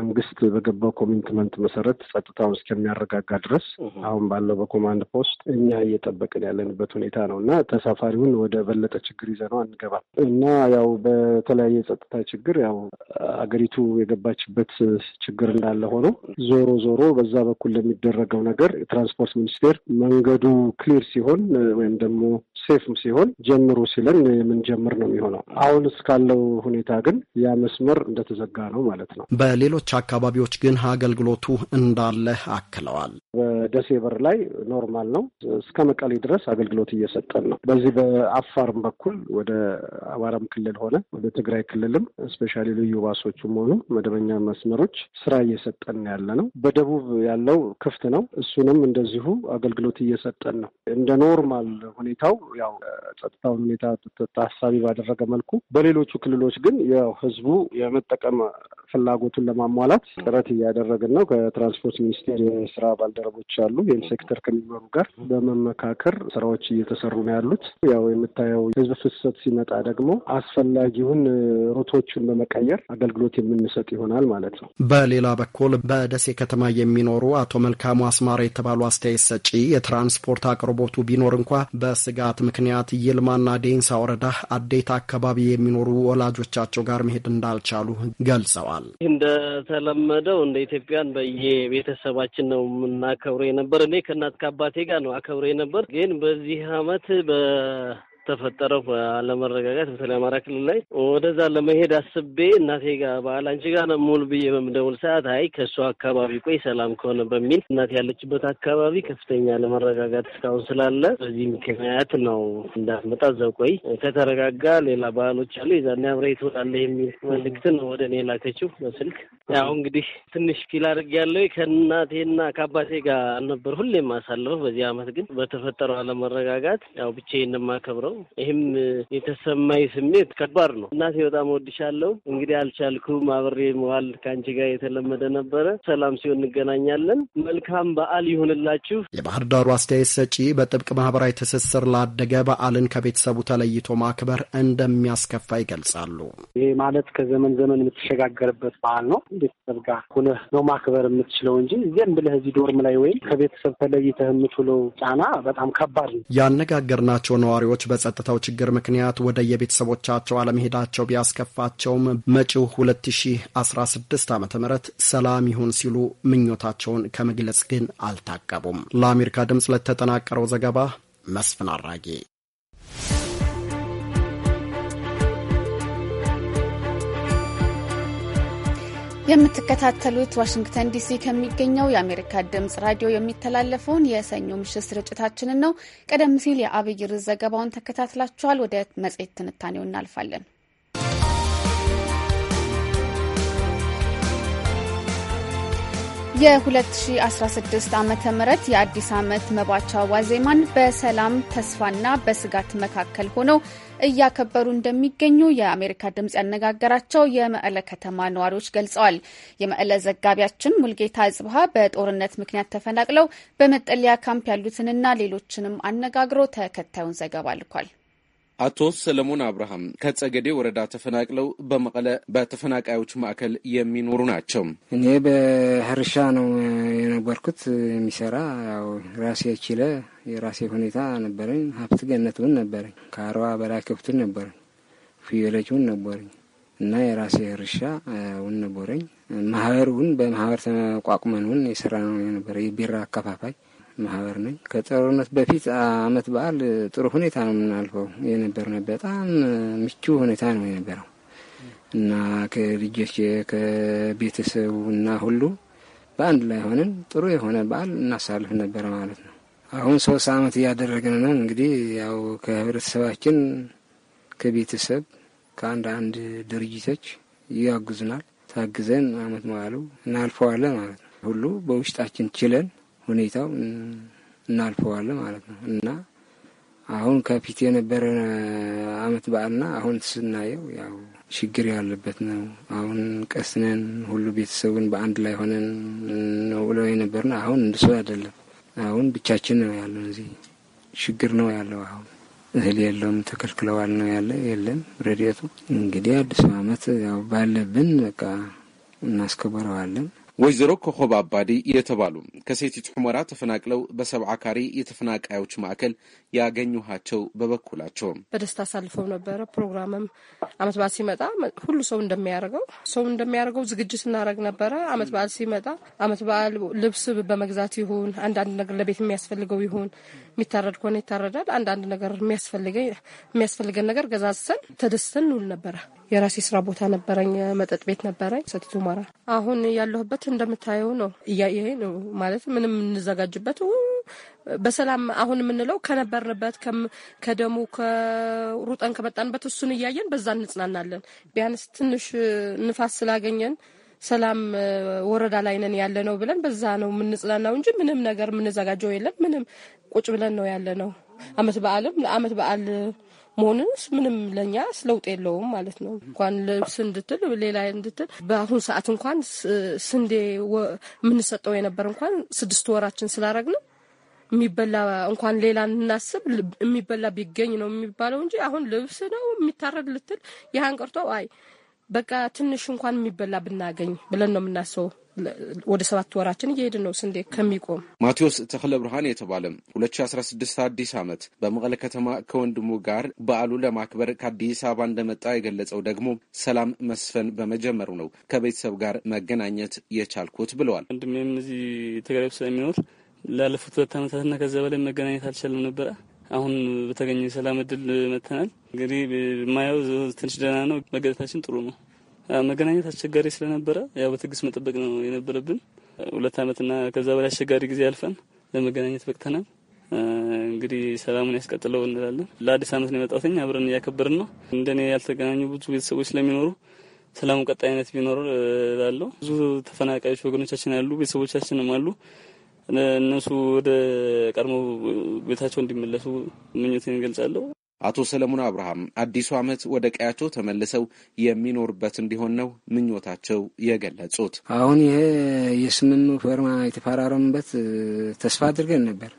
መንግስት በገባው ኮሚትመንት መሰረት ጸጥታውን እስከሚያረጋጋ ድረስ አሁን ባለው በኮማንድ ፖስት እኛ እየጠበቅን ያለንበት ሁኔታ ነው እና ተሳፋሪውን ወደ በለጠ ችግር ይዘነው አንገባም እና ያው በተለያየ የጸጥታ ችግር ያው አገሪቱ የገባችበት ችግር እንዳለ ሆኖ ዞሮ ዞሮ በዛ በኩል ለሚደረገው ነገር የትራንስፖርት ሚኒስቴር መንገዱ ክሊር ሲሆን ወይም ደግሞ ሴፍም ሲሆን ጀምሩ ሲለን የምንጀምር ነው የሚሆነው። አሁን እስካለው ሁኔታ ግን ያ መስመር እንደተዘጋ ነው ማለት ነው። በሌሎች አካባቢዎች ግን አገልግሎቱ እንዳለ አክለዋል። በደሴ በር ላይ ኖርማል ነው። እስከ መቀሌ ድረስ አገልግሎት እየሰጠን ነው። በዚህ በአፋርም በኩል ወደ አማራም ክልል ሆነ ወደ ትግራይ ክልልም ስፔሻሊ ልዩ ባሶቹም ሆኑ መደበኛ መስመሮች ስራ እየሰጠን ያለ ነው። በደቡብ ያለው ክፍት ነው። እሱንም እንደዚሁ አገልግሎት እየሰጠን ነው። እንደ ኖርማል ሁኔታው ያው ጸጥታውን ሁኔታ ታሳቢ ባደረገ መልኩ፣ በሌሎቹ ክልሎች ግን ያው ህዝቡ የመጠቀም ፍላጎቱን ለማሟላት ጥረት እያደረግን ነው። ከትራንስፖርት ሚኒስቴር የስራ ባልደረቦች አሉ። ይህን ሴክተር ከሚመሩ ጋር በመመካከር ስራዎች እየተሰሩ ነው ያሉት። ያው የምታየው ህዝብ ፍሰት ሲመጣ ደግሞ አስፈላጊውን ሩቶቹን በመቀየር አገልግሎት የምንሰጥ ይሆናል ማለት ነው። በሌላ በኩል በደሴ ከተማ የሚኖሩ አቶ መልካሙ አስማራ የተባሉ አስተያየት ሰጪ የትራንስፖርት አቅርቦቱ ቢኖር እንኳ በስጋት ምክንያት የልማና ዴንሳ ወረዳ አዴታ አካባቢ የሚኖሩ ወላጆቻቸው ጋር መሄድ እንዳልቻሉ ገልጸዋል። እንደተለመደው እንደ ኢትዮጵያን በየቤተሰባችን ነው የምናከብረው የነበር። እኔ ከእናት ከአባቴ ጋር ነው አከብረው የነበር። ግን በዚህ አመት ተፈጠረ አለመረጋጋት በተለይ አማራ ክልል ላይ ወደዛ ለመሄድ አስቤ እናቴ ጋር በዓል አንቺ ጋር ነው የምውል ብዬ በምደውል ሰዓት አይ ከእሱ አካባቢ ቆይ ሰላም ከሆነ በሚል እናቴ ያለችበት አካባቢ ከፍተኛ አለመረጋጋት እስካሁን ስላለ በዚህ ምክንያት ነው እንዳትመጣ እዛው ከተረጋጋ ሌላ ባህሎች አሉ የዛኔ አብረህ ትወጣለህ የሚል ነው ወደ እኔ ላከችው በስልክ ያው እንግዲህ ትንሽ ፊል ያለው ከእናቴና ከአባቴ ጋር አልነበር ሁሌ የማሳለፈው በዚህ አመት ግን በተፈጠረው አለመረጋጋት ያው ብቻዬን እንደማከብረው ነው። ይህም የተሰማኝ ስሜት ከባድ ነው። እናቴ በጣም ወድሻለሁ። እንግዲህ አልቻልኩም፣ አብሬ መዋል ከአንቺ ጋር የተለመደ ነበረ። ሰላም ሲሆን እንገናኛለን። መልካም በዓል ይሁንላችሁ። የባህር ዳሩ አስተያየት ሰጪ በጥብቅ ማህበራዊ ትስስር ላደገ በዓልን ከቤተሰቡ ተለይቶ ማክበር እንደሚያስከፋ ይገልጻሉ። ይህ ማለት ከዘመን ዘመን የምትሸጋገርበት በዓል ነው። ቤተሰብ ጋር ሁነህ ነው ማክበር የምትችለው እንጂ ዝም ብለህ እዚህ ዶርም ላይ ወይም ከቤተሰብ ተለይተህ የምትውለው ጫና በጣም ከባድ ነው። ያነጋገርናቸው ነዋሪዎች በጸጥታው ችግር ምክንያት ወደ የቤተሰቦቻቸው አለመሄዳቸው ቢያስከፋቸውም መጪው 2016 ዓ ም ሰላም ይሁን ሲሉ ምኞታቸውን ከመግለጽ ግን አልታቀቡም። ለአሜሪካ ድምፅ ለተጠናቀረው ዘገባ መስፍን አራጌ የምትከታተሉት ዋሽንግተን ዲሲ ከሚገኘው የአሜሪካ ድምጽ ራዲዮ የሚተላለፈውን የሰኞ ምሽት ስርጭታችንን ነው። ቀደም ሲል የአብይ ርዕስ ዘገባውን ተከታትላችኋል። ወደ መጽሔት ትንታኔው እናልፋለን። የ2016 ዓ ም የአዲስ ዓመት መባቻ ዋዜማን በሰላም ተስፋና በስጋት መካከል ሆነው እያከበሩ እንደሚገኙ የአሜሪካ ድምጽ ያነጋገራቸው የመቀለ ከተማ ነዋሪዎች ገልጸዋል። የመቀለ ዘጋቢያችን ሙልጌታ አጽብሃ በጦርነት ምክንያት ተፈናቅለው በመጠለያ ካምፕ ያሉትንና ሌሎችንም አነጋግሮ ተከታዩን ዘገባ ልኳል። አቶ ሰለሞን አብርሃም ከጸገዴ ወረዳ ተፈናቅለው በመቀለ በተፈናቃዮች ማዕከል የሚኖሩ ናቸው። እኔ በህርሻ ነው የነበርኩት የሚሰራ ያው ራሴ ችለ የራሴ ሁኔታ ነበረኝ። ሀብት ገነቱን ነበረኝ። ከአርባ በላይ ከብቱን ነበረኝ። ፍየሎቹን ነበረኝ እና የራሴ ህርሻ ውን ነበረኝ። ማህበር ውን በማህበር ተቋቁመን ውን የሰራ ነው የነበረ የቢራ አከፋፋይ ማህበር ነኝ። ከጦርነት በፊት አመት በዓል ጥሩ ሁኔታ ነው የምናልፈው ነው። በጣም ምቹ ሁኔታ ነው የነበረው እና ከልጆች ከቤተሰቡ እና ሁሉ በአንድ ላይ ሆነን ጥሩ የሆነ በዓል እናሳልፍ ነበረ ማለት ነው። አሁን ሶስት አመት እያደረግን ነው። እንግዲህ ያው ከህብረተሰባችን ከቤተሰብ ከአንድ አንድ ድርጅቶች ያግዙናል። ታግዘን አመት መዋሉ እናልፈዋለን ማለት ነው። ሁሉ በውስጣችን ችለን ሁኔታው እናልፈዋለን ማለት ነው እና አሁን ከፊት የነበረ አመት በዓልና አሁን ስናየው ያው ችግር ያለበት ነው። አሁን ቀስነን ሁሉ ቤተሰቡን በአንድ ላይ ሆነን ነው ብለው የነበርነ አሁን እንደሱ አይደለም። አሁን ብቻችን ነው ያለው። እዚህ ችግር ነው ያለው። አሁን እህል የለውም ተከልክለዋል ነው ያለ የለም። ረድኤቱ እንግዲህ አዲሱ አመት ያው ባለብን በቃ እናስከበረዋለን። ወይዘሮ ኮኮብ አባዲ የተባሉ ከሴቲት ሑመራ ተፈናቅለው በሰብዓ ካሬ የተፈናቃዮች ማዕከል ያገኘኋቸው በበኩላቸው በደስታ አሳልፈው ነበረ። ፕሮግራምም አመት በዓል ሲመጣ ሁሉ ሰው እንደሚያደርገው ሰው እንደሚያደርገው ዝግጅት እናደርግ ነበረ። አመት በዓል ሲመጣ አመት በዓል ልብስ በመግዛት ይሁን አንዳንድ ነገር ለቤት የሚያስፈልገው ይሁን የሚታረድ ከሆነ ይታረዳል። አንዳንድ ነገር የሚያስፈልገን ነገር ገዛዝሰን ተደስተን ውል ነበረ። የራሴ ስራ ቦታ ነበረኝ፣ መጠጥ ቤት ነበረኝ። ሰቲት ሁመራ አሁን ያለሁበት እንደምታየው ነው። እያየ ነው ማለት ምንም የምንዘጋጅበት በሰላም አሁን የምንለው ከነበርንበት ከደሙ ከሩጠን ከመጣንበት እሱን እያየን በዛ እንጽናናለን። ቢያንስ ትንሽ ንፋስ ስላገኘን ሰላም ወረዳ ላይ ነን ያለ ነው ብለን በዛ ነው የምንጽናናው እንጂ ምንም ነገር የምንዘጋጀው የለም። ምንም ቁጭ ብለን ነው ያለ ነው። አመት በዓልም ለአመት በዓል መሆንንስ ምንም ለእኛ ለውጥ የለውም ማለት ነው። እንኳን ልብስ እንድትል ሌላ እንድትል በአሁኑ ሰዓት እንኳን ስንዴ የምንሰጠው የነበር እንኳን ስድስት ወራችን ነው የሚበላ እንኳን ሌላ እናስብ የሚበላ ቢገኝ ነው የሚባለው እንጂ አሁን ልብስ ነው የሚታረድ ልትል ያህን ቀርቶ አይ በቃ ትንሽ እንኳን የሚበላ ብናገኝ ብለን ነው የምናስበው። ወደ ሰባት ወራችን እየሄድ ነው ስንዴ ከሚቆም። ማቴዎስ ተክለ ብርሃን የተባለ 2016 አዲስ ዓመት በመቀለ ከተማ ከወንድሙ ጋር በዓሉ ለማክበር ከአዲስ አበባ እንደመጣ የገለጸው ደግሞ ሰላም መስፈን በመጀመሩ ነው ከቤተሰብ ጋር መገናኘት የቻልኩት ብለዋል። ወንድሜም እዚህ ተገረብ ስለሚኖር ላለፉት ሁለት ዓመታትና ከዚያ በላይ መገናኘት አልቻልም ነበረ አሁን በተገኘ ሰላም እድል መተናል። እንግዲህ የማየው ትንሽ ደህና ነው። መገለታችን ጥሩ ነው። መገናኘት አስቸጋሪ ስለነበረ ያው በትዕግስት መጠበቅ ነው የነበረብን። ሁለት ዓመትና ከዛ በላይ አስቸጋሪ ጊዜ አልፈን ለመገናኘት በቅተናል። እንግዲህ ሰላሙን ያስቀጥለው እንላለን። ለአዲስ ዓመት ነው የመጣሁትኝ አብረን እያከበርን ነው። እንደኔ ያልተገናኙ ብዙ ቤተሰቦች ስለሚኖሩ ሰላሙ ቀጣይነት ቢኖር እላለሁ። ብዙ ተፈናቃዮች ወገኖቻችን ያሉ ቤተሰቦቻችንም አሉ። እነሱ ወደ ቀድሞ ቤታቸው እንዲመለሱ ምኞትን እገልጻለሁ። አቶ ሰለሞን አብርሃም አዲሱ ዓመት ወደ ቀያቸው ተመልሰው የሚኖሩበት እንዲሆን ነው ምኞታቸው የገለጹት። አሁን ይሄ የስምኑ ፈርማ የተፈራረሙበት ተስፋ አድርገን ነበር።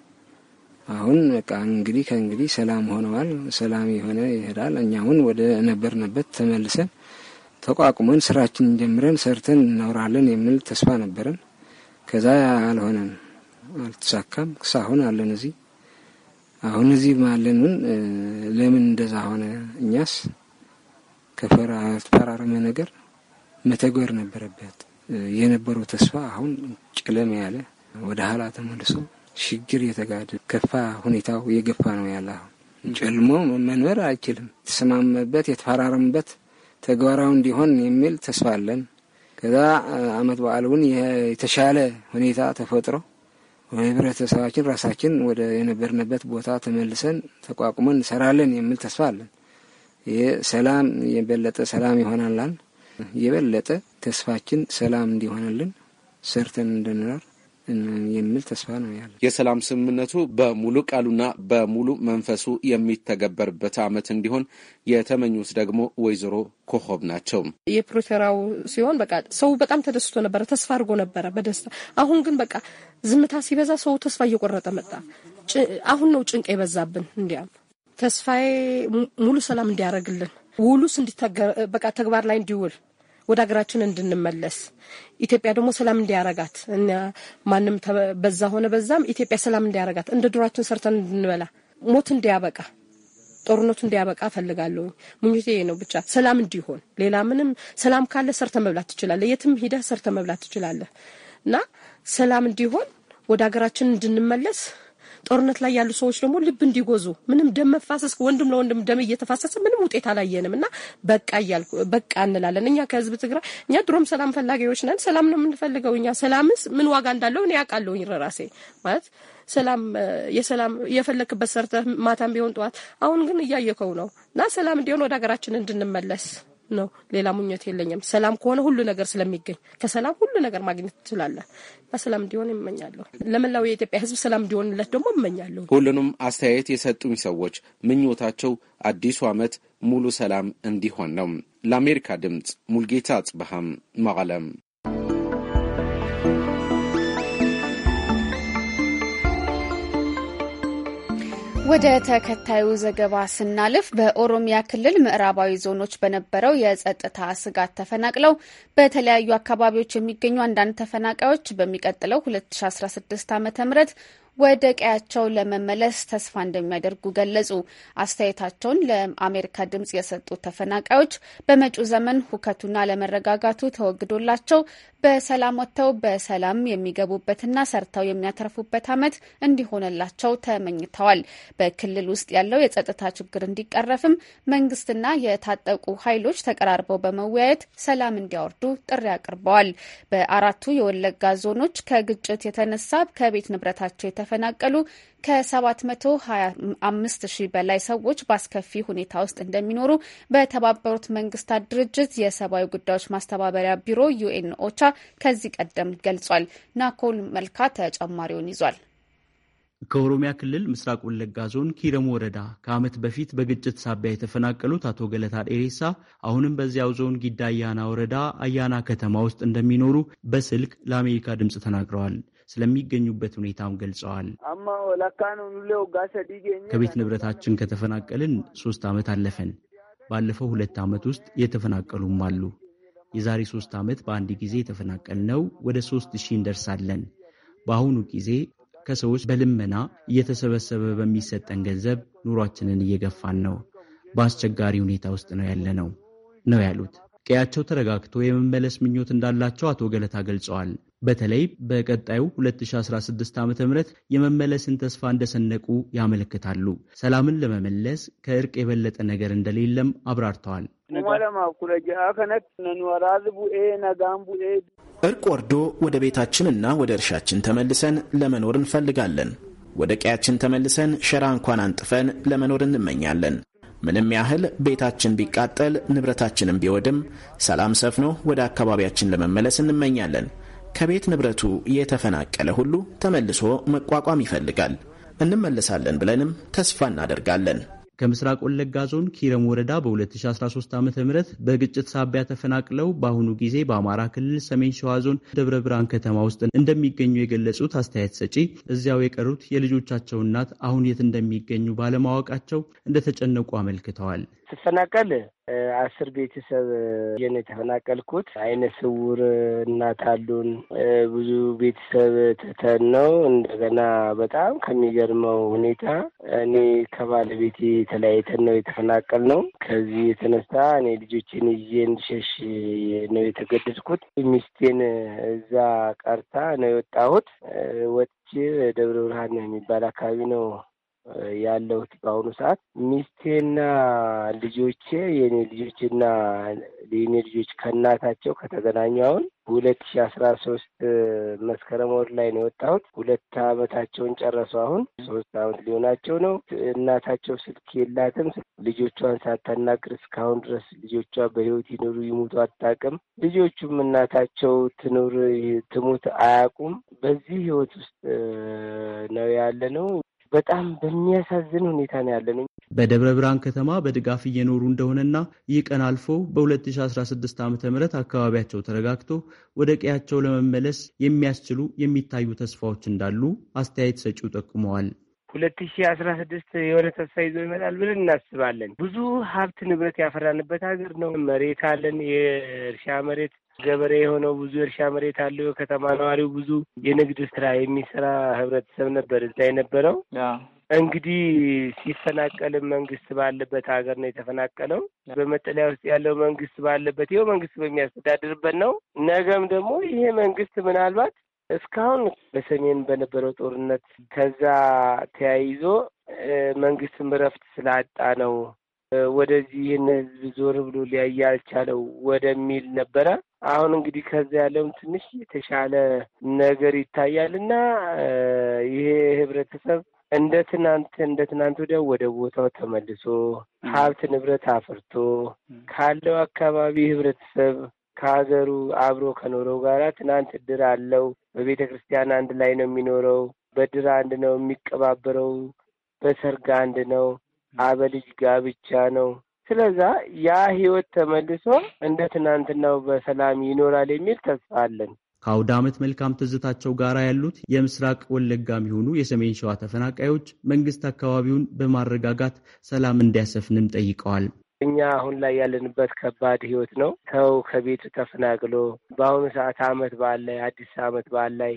አሁን በቃ እንግዲህ ከእንግዲህ ሰላም ሆነዋል። ሰላም የሆነ ይሄዳል። እኛ አሁን ወደ ነበርንበት ተመልሰን ተቋቁመን ስራችን ጀምረን ሰርተን እናውራለን የሚል ተስፋ ነበረን። ከዛ አልሆነም። አልተሳካም። ክሳሁን አለን እዚህ አሁን እዚህ ማለንን ለምን እንደዛ ሆነ? እኛስ ከተፈራረመ ነገር መተግበር ነበረበት። የነበረው ተስፋ አሁን ጨለም ያለ ወደ ኋላ ተመልሶ ሽግር የተጋደ ከፋ ሁኔታው የገፋ ነው ያለ አሁን ጨልሞ መኖር አይችልም። የተሰማመበት የተፈራረምበት ተግባራዊ እንዲሆን የሚል ተስፋ አለን። ከዛ አመት በዓል እውን የተሻለ ሁኔታ ተፈጥሮ ህብረተሰባችን ራሳችን ወደ የነበርንበት ቦታ ተመልሰን ተቋቁመን እንሰራለን የሚል ተስፋ አለን። ይህ ሰላም የበለጠ ሰላም ይሆናላል። የበለጠ ተስፋችን ሰላም እንዲሆንልን ሰርተን እንድንኖር የሚል ተስፋ ነው ያለ። የሰላም ስምምነቱ በሙሉ ቃሉና በሙሉ መንፈሱ የሚተገበርበት አመት እንዲሆን የተመኙት ደግሞ ወይዘሮ ኮኸብ ናቸው። የፕሪቶሪያው ሲሆን በቃ ሰው በጣም ተደስቶ ነበረ፣ ተስፋ አድርጎ ነበረ በደስታ አሁን ግን በቃ ዝምታ ሲበዛ ሰው ተስፋ እየቆረጠ መጣ። አሁን ነው ጭንቅ የበዛብን። እንዲያም ተስፋዬ ሙሉ ሰላም እንዲያደርግልን ውሉስ በቃ ተግባር ላይ እንዲውል ወደ ሀገራችን እንድንመለስ ኢትዮጵያ ደግሞ ሰላም እንዲያረጋት እና ማንም በዛ ሆነ በዛም ኢትዮጵያ ሰላም እንዲያረጋት እንደ ድሯችን ሰርተን እንድንበላ ሞት እንዲያበቃ ጦርነቱ እንዲያበቃ እፈልጋለሁ። ምኞቴ ነው ብቻ ሰላም እንዲሆን። ሌላ ምንም ሰላም ካለ ሰርተ መብላት ትችላለህ። የትም ሂደህ ሰርተ መብላት ትችላለህ እና ሰላም እንዲሆን ወደ ሀገራችን እንድንመለስ ጦርነት ላይ ያሉ ሰዎች ደግሞ ልብ እንዲጎዙ ምንም ደም መፋሰስ ወንድም ለወንድም ደም እየተፋሰሰ ምንም ውጤት አላየንም እና በቃ እያልኩ በቃ እንላለን። እኛ ከህዝብ ትግራይ እኛ ድሮም ሰላም ፈላጊዎች ነን። ሰላም ነው የምንፈልገው እኛ። ሰላምስ ምን ዋጋ እንዳለው እኔ ያውቃለሁ ራሴ ማለት ሰላም የሰላም የፈለክበት ሰርተህ ማታም ቢሆን ጠዋት። አሁን ግን እያየከው ነው እና ሰላም እንዲሆን ወደ ሀገራችን እንድንመለስ ነው። ሌላ ምኞት የለኝም። ሰላም ከሆነ ሁሉ ነገር ስለሚገኝ ከሰላም ሁሉ ነገር ማግኘት ትችላለን። በሰላም እንዲሆን ይመኛለሁ። ለመላው የኢትዮጵያ ሕዝብ ሰላም እንዲሆንለት ደግሞ እመኛለሁ። ሁሉንም አስተያየት የሰጡኝ ሰዎች ምኞታቸው አዲሱ ዓመት ሙሉ ሰላም እንዲሆን ነው። ለአሜሪካ ድምፅ ሙልጌታ አጽበሃም መቀለም ወደ ተከታዩ ዘገባ ስናልፍ በኦሮሚያ ክልል ምዕራባዊ ዞኖች በነበረው የጸጥታ ስጋት ተፈናቅለው በተለያዩ አካባቢዎች የሚገኙ አንዳንድ ተፈናቃዮች በሚቀጥለው 2016 ዓ ም ወደ ቀያቸው ለመመለስ ተስፋ እንደሚያደርጉ ገለጹ። አስተያየታቸውን ለአሜሪካ ድምጽ የሰጡ ተፈናቃዮች በመጪው ዘመን ሁከቱና ለመረጋጋቱ ተወግዶላቸው በሰላም ወጥተው በሰላም የሚገቡበትና ሰርተው የሚያተርፉበት ዓመት እንዲሆነላቸው ተመኝተዋል። በክልል ውስጥ ያለው የጸጥታ ችግር እንዲቀረፍም መንግስትና የታጠቁ ኃይሎች ተቀራርበው በመወያየት ሰላም እንዲያወርዱ ጥሪ አቅርበዋል። በአራቱ የወለጋ ዞኖች ከግጭት የተነሳ ከቤት ንብረታቸው የተፈናቀሉ ከ725 ሺህ በላይ ሰዎች በአስከፊ ሁኔታ ውስጥ እንደሚኖሩ በተባበሩት መንግስታት ድርጅት የሰብአዊ ጉዳዮች ማስተባበሪያ ቢሮ ዩኤን ኦቻ ከዚህ ቀደም ገልጿል። ናኮል መልካ ተጨማሪውን ይዟል። ከኦሮሚያ ክልል ምስራቅ ወለጋ ዞን ኪረሙ ወረዳ ከዓመት በፊት በግጭት ሳቢያ የተፈናቀሉት አቶ ገለታ ዴሬሳ አሁንም በዚያው ዞን ጊዳ አያና ወረዳ አያና ከተማ ውስጥ እንደሚኖሩ በስልክ ለአሜሪካ ድምፅ ተናግረዋል። ስለሚገኙበት ሁኔታም ገልጸዋል። ከቤት ንብረታችን ከተፈናቀልን ሶስት ዓመት አለፈን። ባለፈው ሁለት ዓመት ውስጥ የተፈናቀሉም አሉ። የዛሬ ሶስት ዓመት በአንድ ጊዜ የተፈናቀልነው ወደ ሶስት ሺህ እንደርሳለን። በአሁኑ ጊዜ ከሰዎች በልመና እየተሰበሰበ በሚሰጠን ገንዘብ ኑሯችንን እየገፋን ነው። በአስቸጋሪ ሁኔታ ውስጥ ነው ያለነው ነው ያሉት። ቀያቸው ተረጋግቶ የመመለስ ምኞት እንዳላቸው አቶ ገለታ ገልጸዋል። በተለይ በቀጣዩ 2016 ዓ ም የመመለስን ተስፋ እንደሰነቁ ያመለክታሉ። ሰላምን ለመመለስ ከእርቅ የበለጠ ነገር እንደሌለም አብራርተዋል። እርቅ ወርዶ ወደ ቤታችንና ወደ እርሻችን ተመልሰን ለመኖር እንፈልጋለን። ወደ ቀያችን ተመልሰን ሸራ እንኳን አንጥፈን ለመኖር እንመኛለን። ምንም ያህል ቤታችን ቢቃጠል ንብረታችንም ቢወድም ሰላም ሰፍኖ ወደ አካባቢያችን ለመመለስ እንመኛለን። ከቤት ንብረቱ የተፈናቀለ ሁሉ ተመልሶ መቋቋም ይፈልጋል። እንመለሳለን ብለንም ተስፋ እናደርጋለን። ከምስራቅ ወለጋ ዞን ኪረም ወረዳ በ2013 ዓ ም በግጭት ሳቢያ ተፈናቅለው በአሁኑ ጊዜ በአማራ ክልል ሰሜን ሸዋ ዞን ደብረ ብርሃን ከተማ ውስጥ እንደሚገኙ የገለጹት አስተያየት ሰጪ እዚያው የቀሩት የልጆቻቸው እናት አሁን የት እንደሚገኙ ባለማወቃቸው እንደተጨነቁ አመልክተዋል። ስትፈናቀል አስር ቤተሰብ ነው የተፈናቀልኩት። አይነ ስውር እናት አሉን። ብዙ ቤተሰብ ትተን ነው። እንደገና በጣም ከሚገርመው ሁኔታ እኔ ከባለቤቴ ተለያይተን ነው የተፈናቀል ነው። ከዚህ የተነሳ እኔ ልጆችን ይዤ እንድሸሽ ነው የተገደድኩት። ሚስቴን እዛ ቀርታ ነው የወጣሁት። ወጥቼ ደብረ ብርሃን የሚባል አካባቢ ነው ያለሁት በአሁኑ ሰዓት ሚስቴና ልጆቼ የኔ ልጆችና የኔ ልጆች ከእናታቸው ከተገናኙ አሁን ሁለት ሺ አስራ ሶስት መስከረም ወር ላይ ነው የወጣሁት። ሁለት አመታቸውን ጨረሱ። አሁን ሶስት አመት ሊሆናቸው ነው። እናታቸው ስልክ የላትም። ልጆቿን ሳታናግር እስካሁን ድረስ ልጆቿ በህይወት ይኑሩ ይሙቱ አታውቅም። ልጆቹም እናታቸው ትኑር ትሙት አያውቁም። በዚህ ህይወት ውስጥ ነው ያለ ነው። በጣም በሚያሳዝን ሁኔታ ነው ያለን። በደብረ ብርሃን ከተማ በድጋፍ እየኖሩ እንደሆነና ይህ ቀን አልፎ በ2016 ዓ ም አካባቢያቸው ተረጋግቶ ወደ ቀያቸው ለመመለስ የሚያስችሉ የሚታዩ ተስፋዎች እንዳሉ አስተያየት ሰጪው ጠቁመዋል። ሁለት ሺ አስራ ስድስት የሆነ ተስፋ ይዞ ይመጣል ብለን እናስባለን። ብዙ ሀብት ንብረት ያፈራንበት ሀገር ነው። መሬት አለን፣ የእርሻ መሬት ገበሬ የሆነው ብዙ የእርሻ መሬት አለው። የከተማ ነዋሪው ብዙ የንግድ ስራ የሚሰራ ህብረተሰብ ነበር እዛ የነበረው። እንግዲህ ሲፈናቀልም መንግስት ባለበት ሀገር ነው የተፈናቀለው። በመጠለያ ውስጥ ያለው መንግስት ባለበት ይኸው መንግስት በሚያስተዳድርበት ነው። ነገም ደግሞ ይሄ መንግስት ምናልባት እስካሁን በሰሜን በነበረው ጦርነት ከዛ ተያይዞ መንግስትም እረፍት ስላጣ ነው ወደዚህ ይህን ህዝብ ዞር ብሎ ሊያየ አልቻለው ወደሚል ነበረ። አሁን እንግዲህ ከዛ ያለውም ትንሽ የተሻለ ነገር ይታያል እና ይሄ ህብረተሰብ እንደ ትናንት እንደ ትናንት ወዲያ ወደ ቦታው ተመልሶ ሀብት ንብረት አፍርቶ ካለው አካባቢ ህብረተሰብ ከሀገሩ አብሮ ከኖረው ጋራ ትናንት እድር አለው። በቤተ ክርስቲያን አንድ ላይ ነው የሚኖረው። በድር አንድ ነው የሚቀባበረው። በሰርግ አንድ ነው። አበልጅ ጋብቻ ነው። ስለዛ ያ ህይወት ተመልሶ እንደ ትናንትናው በሰላም ይኖራል የሚል ተስፋ አለን። ከአውደ ዓመት መልካም ትዝታቸው ጋር ያሉት የምስራቅ ወለጋ የሚሆኑ የሰሜን ሸዋ ተፈናቃዮች መንግስት አካባቢውን በማረጋጋት ሰላም እንዲያሰፍንም ጠይቀዋል። እኛ አሁን ላይ ያለንበት ከባድ ህይወት ነው። ሰው ከቤት ተፈናቅሎ በአሁኑ ሰዓት አመት በዓል ላይ አዲስ አመት በዓል ላይ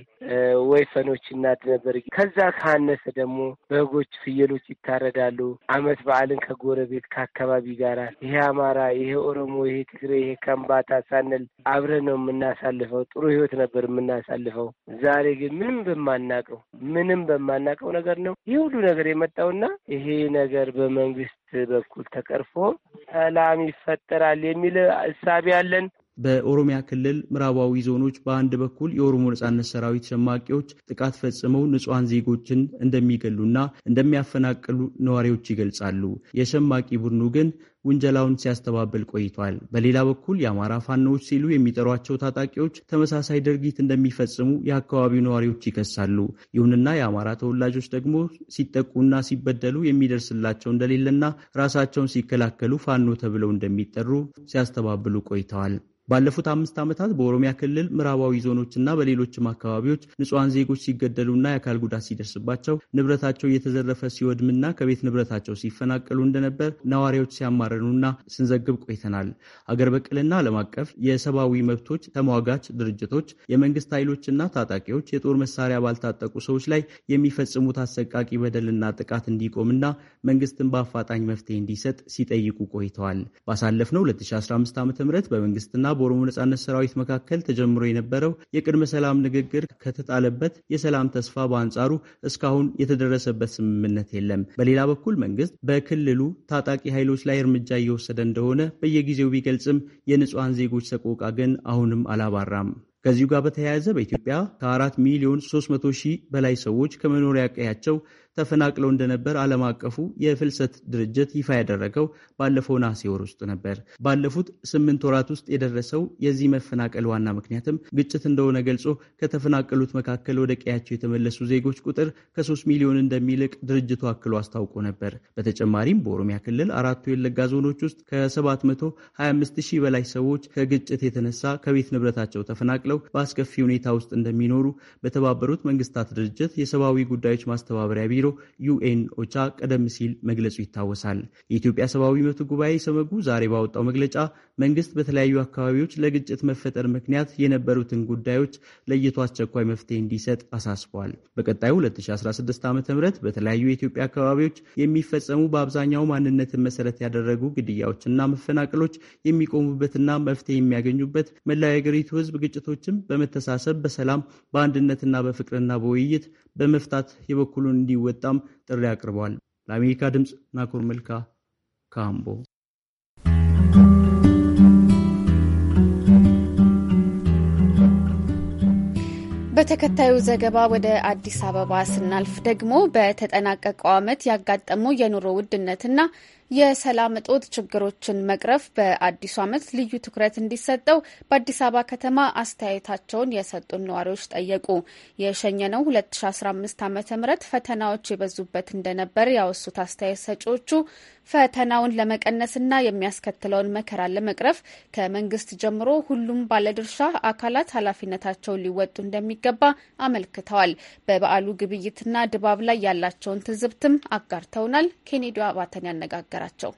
ወይፈኖች እናድ ነበር። ከዛ ካነሰ ደግሞ በጎች፣ ፍየሎች ይታረዳሉ። አመት በዓልን ከጎረቤት ከአካባቢ ጋራ ይሄ አማራ፣ ይሄ ኦሮሞ፣ ይሄ ትግሬ፣ ይሄ ከምባታ ሳንል አብረን ነው የምናሳልፈው። ጥሩ ህይወት ነበር የምናሳልፈው። ዛሬ ግን ምንም በማናቀው ምንም በማናቀው ነገር ነው ይህ ሁሉ ነገር የመጣውና ይሄ ነገር በመንግስት በኩል ተቀርፎ ሰላም ይፈጠራል የሚል እሳቤ ያለን በኦሮሚያ ክልል ምዕራባዊ ዞኖች በአንድ በኩል የኦሮሞ ነጻነት ሰራዊት ሸማቂዎች ጥቃት ፈጽመው ንጹሐን ዜጎችን እንደሚገሉና እንደሚያፈናቅሉ ነዋሪዎች ይገልጻሉ። የሸማቂ ቡድኑ ግን ውንጀላውን ሲያስተባብል ቆይቷል። በሌላ በኩል የአማራ ፋኖዎች ሲሉ የሚጠሯቸው ታጣቂዎች ተመሳሳይ ድርጊት እንደሚፈጽሙ የአካባቢው ነዋሪዎች ይከሳሉ። ይሁንና የአማራ ተወላጆች ደግሞ ሲጠቁና ሲበደሉ የሚደርስላቸው እንደሌለና ራሳቸውን ሲከላከሉ ፋኖ ተብለው እንደሚጠሩ ሲያስተባብሉ ቆይተዋል። ባለፉት አምስት ዓመታት በኦሮሚያ ክልል ምዕራባዊ ዞኖችና በሌሎችም አካባቢዎች ንጹሐን ዜጎች ሲገደሉና የአካል ጉዳት ሲደርስባቸው ንብረታቸው እየተዘረፈ ሲወድምና ከቤት ንብረታቸው ሲፈናቀሉ እንደነበር ነዋሪዎች ሲያማረ እንዳቀረኑና ስንዘግብ ቆይተናል። አገር በቀልና ዓለም አቀፍ የሰብአዊ መብቶች ተሟጋች ድርጅቶች፣ የመንግስት ኃይሎችና ታጣቂዎች የጦር መሳሪያ ባልታጠቁ ሰዎች ላይ የሚፈጽሙት አሰቃቂ በደልና ጥቃት እንዲቆምና መንግስትን በአፋጣኝ መፍትሄ እንዲሰጥ ሲጠይቁ ቆይተዋል። ባሳለፍነው 2015 ዓ ም በመንግስትና በኦሮሞ ነጻነት ሰራዊት መካከል ተጀምሮ የነበረው የቅድመ ሰላም ንግግር ከተጣለበት የሰላም ተስፋ በአንጻሩ እስካሁን የተደረሰበት ስምምነት የለም። በሌላ በኩል መንግስት በክልሉ ታጣቂ ኃይሎች ላይ እርምጃ እርምጃ እየወሰደ እንደሆነ በየጊዜው ቢገልጽም የንጹሐን ዜጎች ሰቆቃ ግን አሁንም አላባራም። ከዚሁ ጋር በተያያዘ በኢትዮጵያ ከአራት ሚሊዮን 3 ሺህ በላይ ሰዎች ከመኖሪያ ቀያቸው ተፈናቅለው እንደነበር ዓለም አቀፉ የፍልሰት ድርጅት ይፋ ያደረገው ባለፈው ነሐሴ ወር ውስጥ ነበር። ባለፉት ስምንት ወራት ውስጥ የደረሰው የዚህ መፈናቀል ዋና ምክንያትም ግጭት እንደሆነ ገልጾ ከተፈናቀሉት መካከል ወደ ቀያቸው የተመለሱ ዜጎች ቁጥር ከሶስት ሚሊዮን እንደሚልቅ ድርጅቱ አክሎ አስታውቆ ነበር። በተጨማሪም በኦሮሚያ ክልል አራቱ የለጋ ዞኖች ውስጥ ከ725 ሺህ በላይ ሰዎች ከግጭት የተነሳ ከቤት ንብረታቸው ተፈናቅለው በአስከፊ ሁኔታ ውስጥ እንደሚኖሩ በተባበሩት መንግስታት ድርጅት የሰብአዊ ጉዳዮች ማስተባበሪያ ቢሮ ቢሮ ዩኤን ኦቻ ቀደም ሲል መግለጹ ይታወሳል። የኢትዮጵያ ሰብአዊ መብት ጉባኤ ሰመጉ ዛሬ ባወጣው መግለጫ መንግስት በተለያዩ አካባቢዎች ለግጭት መፈጠር ምክንያት የነበሩትን ጉዳዮች ለይቶ አስቸኳይ መፍትሄ እንዲሰጥ አሳስቧል። በቀጣዩ 2016 ዓ ም በተለያዩ የኢትዮጵያ አካባቢዎች የሚፈጸሙ በአብዛኛው ማንነትን መሰረት ያደረጉ ግድያዎችና መፈናቀሎች የሚቆሙበትና መፍትሄ የሚያገኙበት መላው የአገሪቱ ህዝብ ግጭቶችን በመተሳሰብ በሰላም በአንድነትና በፍቅርና በውይይት በመፍታት የበኩሉን እንዲወ እንዲወጣም ጥሪ አቅርበዋል። ለአሜሪካ ድምፅ ናኮር መልካ ካምቦ። በተከታዩ ዘገባ ወደ አዲስ አበባ ስናልፍ ደግሞ በተጠናቀቀው ዓመት ያጋጠሙ የኑሮ ውድነትና የሰላም እጦት ችግሮችን መቅረፍ በአዲሱ ዓመት ልዩ ትኩረት እንዲሰጠው በአዲስ አበባ ከተማ አስተያየታቸውን የሰጡን ነዋሪዎች ጠየቁ። የሸኘነው 2015 ዓ ም ፈተናዎች የበዙበት እንደነበር ያወሱት አስተያየት ሰጪዎቹ ፈተናውን ለመቀነስና የሚያስከትለውን መከራ ለመቅረፍ ከመንግስት ጀምሮ ሁሉም ባለድርሻ አካላት ኃላፊነታቸውን ሊወጡ እንደሚገባ አመልክተዋል። በበዓሉ ግብይትና ድባብ ላይ ያላቸውን ትዝብትም አጋርተውናል። ኬኔዲ አባተን ያነጋገ አነጋገራቸው።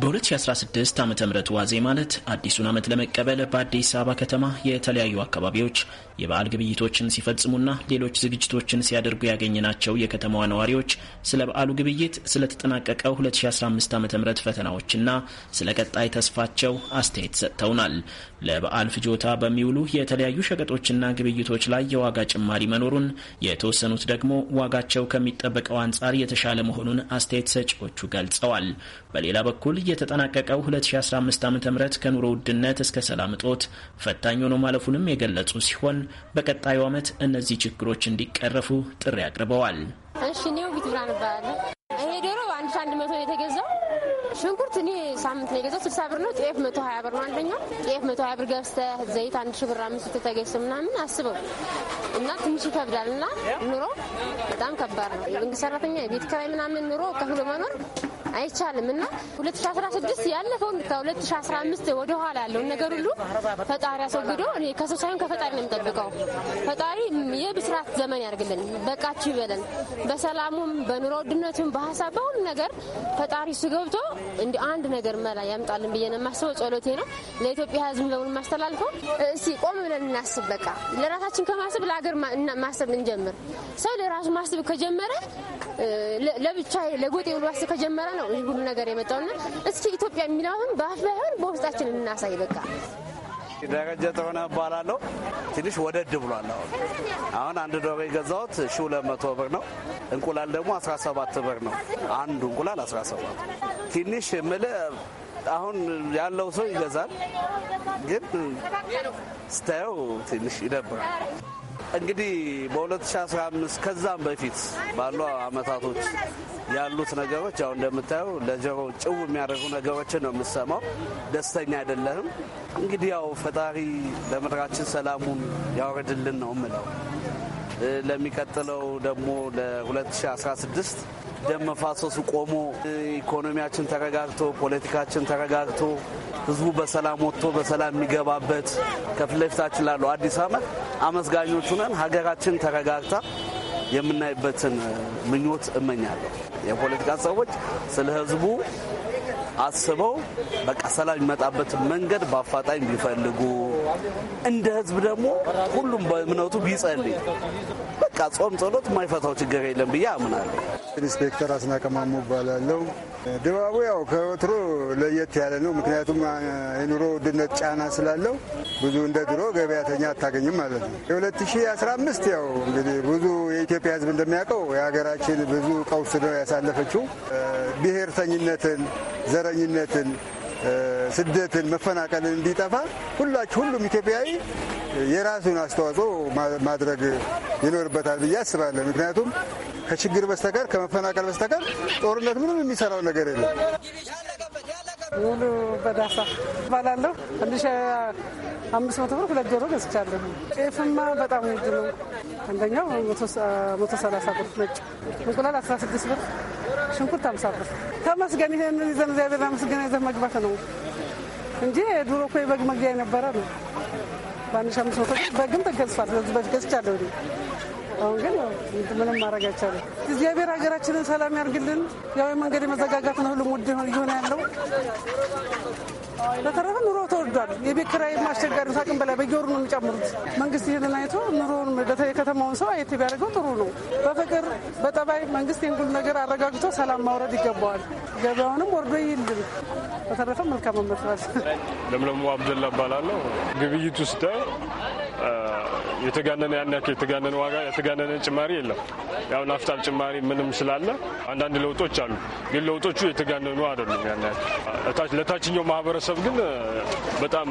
በ2016 ዓ ም ዋዜ ማለት አዲሱን ዓመት ለመቀበል በአዲስ አበባ ከተማ የተለያዩ አካባቢዎች የበዓል ግብይቶችን ሲፈጽሙና ሌሎች ዝግጅቶችን ሲያደርጉ ያገኘናቸው የከተማዋ ነዋሪዎች ስለ በዓሉ ግብይት፣ ስለተጠናቀቀው 2015 ዓ ም ፈተናዎችና ስለ ቀጣይ ተስፋቸው አስተያየት ሰጥተውናል። ለበዓል ፍጆታ በሚውሉ የተለያዩ ሸቀጦችና ግብይቶች ላይ የዋጋ ጭማሪ መኖሩን፣ የተወሰኑት ደግሞ ዋጋቸው ከሚጠበቀው አንጻር የተሻለ መሆኑን አስተያየት ሰጪዎቹ ገልጸዋል። በሌላ በኩል የተጠናቀቀው 2015 ዓ ም ከኑሮ ውድነት እስከ ሰላም እጦት ፈታኝ ሆኖ ማለፉንም የገለጹ ሲሆን በቀጣዩ ዓመት እነዚህ ችግሮች እንዲቀረፉ ጥሪ አቅርበዋል። እሺ፣ እኔ ውቢት እባላለሁ። ይሄ ዶሮ በአንድ ሺ አንድ መቶ የተገዛው ሽንኩርት እኔ ሳምንት ነው የገዛው ስልሳ ብር ነው። ጤፍ መቶ ሀያ ብር ነው አንደኛው ጤፍ መቶ ሀያ ብር ገብስተ ዘይት አንድ ሺ ብር አምስት ተገዝቶ ምናምን አስበው እና ትንሽ ይከብዳል እና ኑሮ በጣም ከባድ ነው። መንግስት ሰራተኛ የቤት ኪራይ ምናምን ኑሮ ከፍሎ መኖር አይቻልም እና 2016 ያለፈውን ከ2015 ወደኋላ ያለውን ነገር ሁሉ ፈጣሪ አስወግዶ ከሰው ሳይሆን ከፈጣሪ ነው የሚጠብቀው። ፈጣሪ የብስራት ዘመን ያርግልን፣ በቃችሁ ይበለን። በሰላሙም በኑሮ ውድነቱም ሀሳብ በሁሉ ነገር ፈጣሪ እሱ ገብቶ እንዲ አንድ ነገር መላ ያምጣልን ብዬ ነው የማስበው። ጸሎቴ ነው ለኢትዮጵያ ሕዝብ በሙሉ ማስተላልፈው። እስቲ ቆም ብለን እናስብ። በቃ ለራሳችን ከማስብ ለአገር ማሰብ እንጀምር። ሰው ለራሱ ማስብ ከጀመረ ለብቻ ለጎጤ ብሎ ማስብ ከጀመረ ነው ይህ ሁሉ ነገር የመጣውና እስኪ ኢትዮጵያ የሚለውን በአፍ ባይሆን በውስጣችን እናሳይ በቃ ደረጀ ጥሩነህ እባላለሁ። ትንሽ ወደድ ብሏል። አሁን አሁን አንድ ዶሮ የገዛሁት ሺ ሁለት መቶ ብር ነው። እንቁላል ደግሞ 17 ብር ነው። አንዱ እንቁላል 17 ትንሽ ምል አሁን ያለው ሰው ይገዛል፣ ግን ስታየው ትንሽ ይደብራል። እንግዲህ በ2015 ከዛም በፊት ባሉ አመታቶች ያሉት ነገሮች ያው እንደምታየው ለጆሮ ጭው የሚያደርጉ ነገሮችን ነው የምሰማው። ደስተኛ አይደለህም። እንግዲህ ያው ፈጣሪ ለምድራችን ሰላሙን ያወረድልን ነው ምለው። ለሚቀጥለው ደግሞ ለ2016 ደም መፋሰሱ ቆሞ ኢኮኖሚያችን ተረጋግቶ ፖለቲካችን ተረጋግቶ ህዝቡ በሰላም ወጥቶ በሰላም የሚገባበት ከፊት ለፊታችን ላለው አዲስ ዓመት አመስጋኞቹ ነን። ሀገራችን ተረጋግታ የምናይበትን ምኞት እመኛለሁ። የፖለቲካ ሰዎች ስለ ህዝቡ አስበው በቃ ሰላም የሚመጣበትን መንገድ በአፋጣኝ ቢፈልጉ እንደ ህዝብ ደግሞ ሁሉም በእምነቱ ቢጸልይ በቃ ጾም ጸሎት የማይፈታው ችግር የለም ብዬ አምናለሁ። ኢንስፔክተር አስናቀማሙ እባላለሁ። ድባቡ ያው ከወትሮ ለየት ያለ ነው። ምክንያቱም የኑሮ ውድነት ጫና ስላለው ብዙ እንደ ድሮ ገበያተኛ አታገኝም ማለት ነው። የ2015 ያው እንግዲህ ብዙ የኢትዮጵያ ሕዝብ እንደሚያውቀው የሀገራችን ብዙ ቀውስ ነው ያሳለፈችው ብሔርተኝነትን፣ ዘረኝነትን ስደትን፣ መፈናቀልን እንዲጠፋ ሁላችሁ ሁሉም ኢትዮጵያዊ የራሱን አስተዋጽኦ ማድረግ ይኖርበታል ብዬ አስባለሁ። ምክንያቱም ከችግር በስተቀር ከመፈናቀል በስተቀር ጦርነት ምንም የሚሰራው ነገር የለም። ሙሉ በዳሳ እባላለሁ። አንድ ሺ አምስት መቶ ብር ሁለት ዶሮ ገዝቻለሁ። ጤፍማ በጣም ውድ ነው። አንደኛው መቶ ሰላሳ ብር ነጭ፣ እንቁላል አስራ ስድስት ብር ሽንኩርት አምሳ ብር። ተመስገን ይሄንን ይዘን እግዚአብሔር ምስገና ይዘን መግባት ነው እንጂ ድሮ እኮ የበግ መግቢያ የነበረ ነው። በአንድ ሺህ አምስት መቶ በግም ተገዝፋል። ስለዚህ በፊት ገዝቻለሁ። አሁን ግን ምንም ማድረግ አይቻልም። እግዚአብሔር ሀገራችንን ሰላም ያርግልን። ያው የመንገድ የመዘጋጋት ነው ሁሉም ውድ እየሆነ ያለው በተረፈ ኑሮ ተወዷል። የቤት ኪራይ ማስቸጋሪ አቅም በላይ በየወሩ ነው የሚጨምሩት። መንግስት ይህንን አይቶ ኑሮውን በተለይ ከተማውን ሰው አየት ቢያደርገው ጥሩ ነው። በፍቅር በጠባይ መንግስት ይህን ሁሉ ነገር አረጋግቶ ሰላም ማውረድ ይገባዋል። ገበያውንም ወርዶ ይልም። በተረፈ መልካም መስራት። ለምለሙ አብደላ እባላለሁ። ግብይቱ ስታይ የተጋነነ ያን ያክል የተጋነነ ዋጋ የተጋነነ ጭማሪ የለም። ያው ናፍጣም ጭማሪ ምንም ስላለ አንዳንድ ለውጦች አሉ፣ ግን ለውጦቹ የተጋነኑ አይደሉም። ያን ያክል ለታችኛው ማህበረሰብ ማህበረሰብ ግን በጣም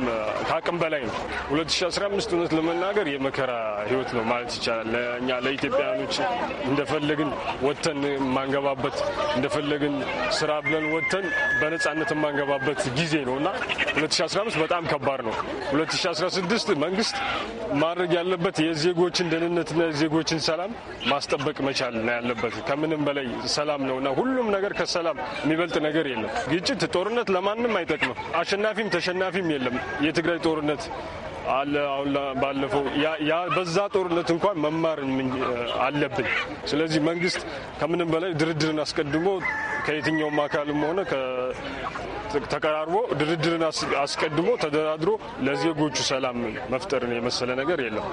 ከአቅም በላይ ነው። 2015 እውነት ለመናገር የመከራ ህይወት ነው ማለት ይቻላል። ለእኛ ለኢትዮጵያውያኖች እንደፈለግን ወጥተን የማንገባበት እንደፈለግን ስራ ብለን ወጥተን በነፃነት የማንገባበት ጊዜ ነው እና 2015 በጣም ከባድ ነው። 2016 መንግስት ማድረግ ያለበት የዜጎችን ደህንነትና የዜጎችን ሰላም ማስጠበቅ መቻል ነው ያለበት። ከምንም በላይ ሰላም ነው እና ሁሉም ነገር ከሰላም የሚበልጥ ነገር የለም። ግጭት፣ ጦርነት ለማንም አይጠቅምም። አሸናፊም ተሸናፊም የለም። የትግራይ ጦርነት አለ አሁን ባለፈው በዛ ጦርነት እንኳን መማር አለብን። ስለዚህ መንግስት ከምንም በላይ ድርድርን አስቀድሞ ከየትኛውም አካልም ሆነ ተቀራርቦ ድርድርን አስቀድሞ ተደራድሮ ለዜጎቹ ሰላም መፍጠርን የመሰለ ነገር የለም።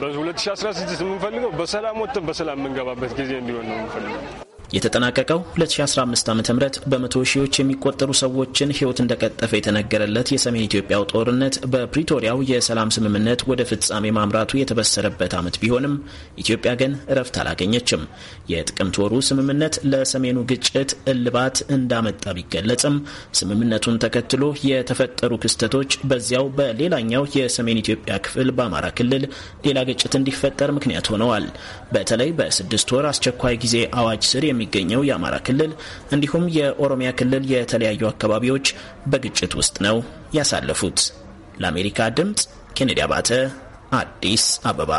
በ2016 የምንፈልገው በሰላም ወጥተን በሰላም የምንገባበት ጊዜ እንዲሆን ነው የምንፈልገው። የተጠናቀቀው 2015 ዓ ም በመቶ ሺዎች የሚቆጠሩ ሰዎችን ህይወት እንደቀጠፈ የተነገረለት የሰሜን ኢትዮጵያው ጦርነት በፕሪቶሪያው የሰላም ስምምነት ወደ ፍጻሜ ማምራቱ የተበሰረበት ዓመት ቢሆንም ኢትዮጵያ ግን እረፍት አላገኘችም። የጥቅምት ወሩ ስምምነት ለሰሜኑ ግጭት እልባት እንዳመጣ ቢገለጽም ስምምነቱን ተከትሎ የተፈጠሩ ክስተቶች በዚያው በሌላኛው የሰሜን ኢትዮጵያ ክፍል በአማራ ክልል ሌላ ግጭት እንዲፈጠር ምክንያት ሆነዋል። በተለይ በስድስት ወር አስቸኳይ ጊዜ አዋጅ ስር የሚገኘው የአማራ ክልል እንዲሁም የኦሮሚያ ክልል የተለያዩ አካባቢዎች በግጭት ውስጥ ነው ያሳለፉት። ለአሜሪካ ድምፅ ኬኔዲ አባተ አዲስ አበባ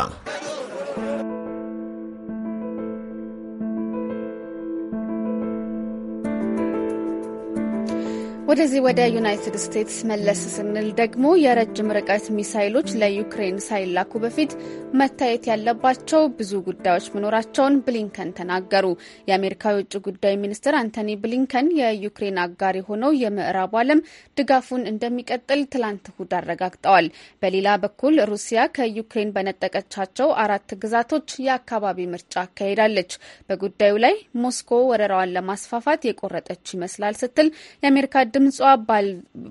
ወደዚህ ወደ ዩናይትድ ስቴትስ መለስ ስንል ደግሞ የረጅም ርቀት ሚሳይሎች ለዩክሬን ሳይላኩ በፊት መታየት ያለባቸው ብዙ ጉዳዮች መኖራቸውን ብሊንከን ተናገሩ። የአሜሪካ የውጭ ጉዳይ ሚኒስትር አንቶኒ ብሊንከን የዩክሬን አጋር የሆነው የምዕራቡ ዓለም ድጋፉን እንደሚቀጥል ትላንት እሁድ አረጋግጠዋል። በሌላ በኩል ሩሲያ ከዩክሬን በነጠቀቻቸው አራት ግዛቶች የአካባቢ ምርጫ አካሄዳለች። በጉዳዩ ላይ ሞስኮ ወረራዋን ለማስፋፋት የቆረጠች ይመስላል ስትል የአሜሪካ ድምጿ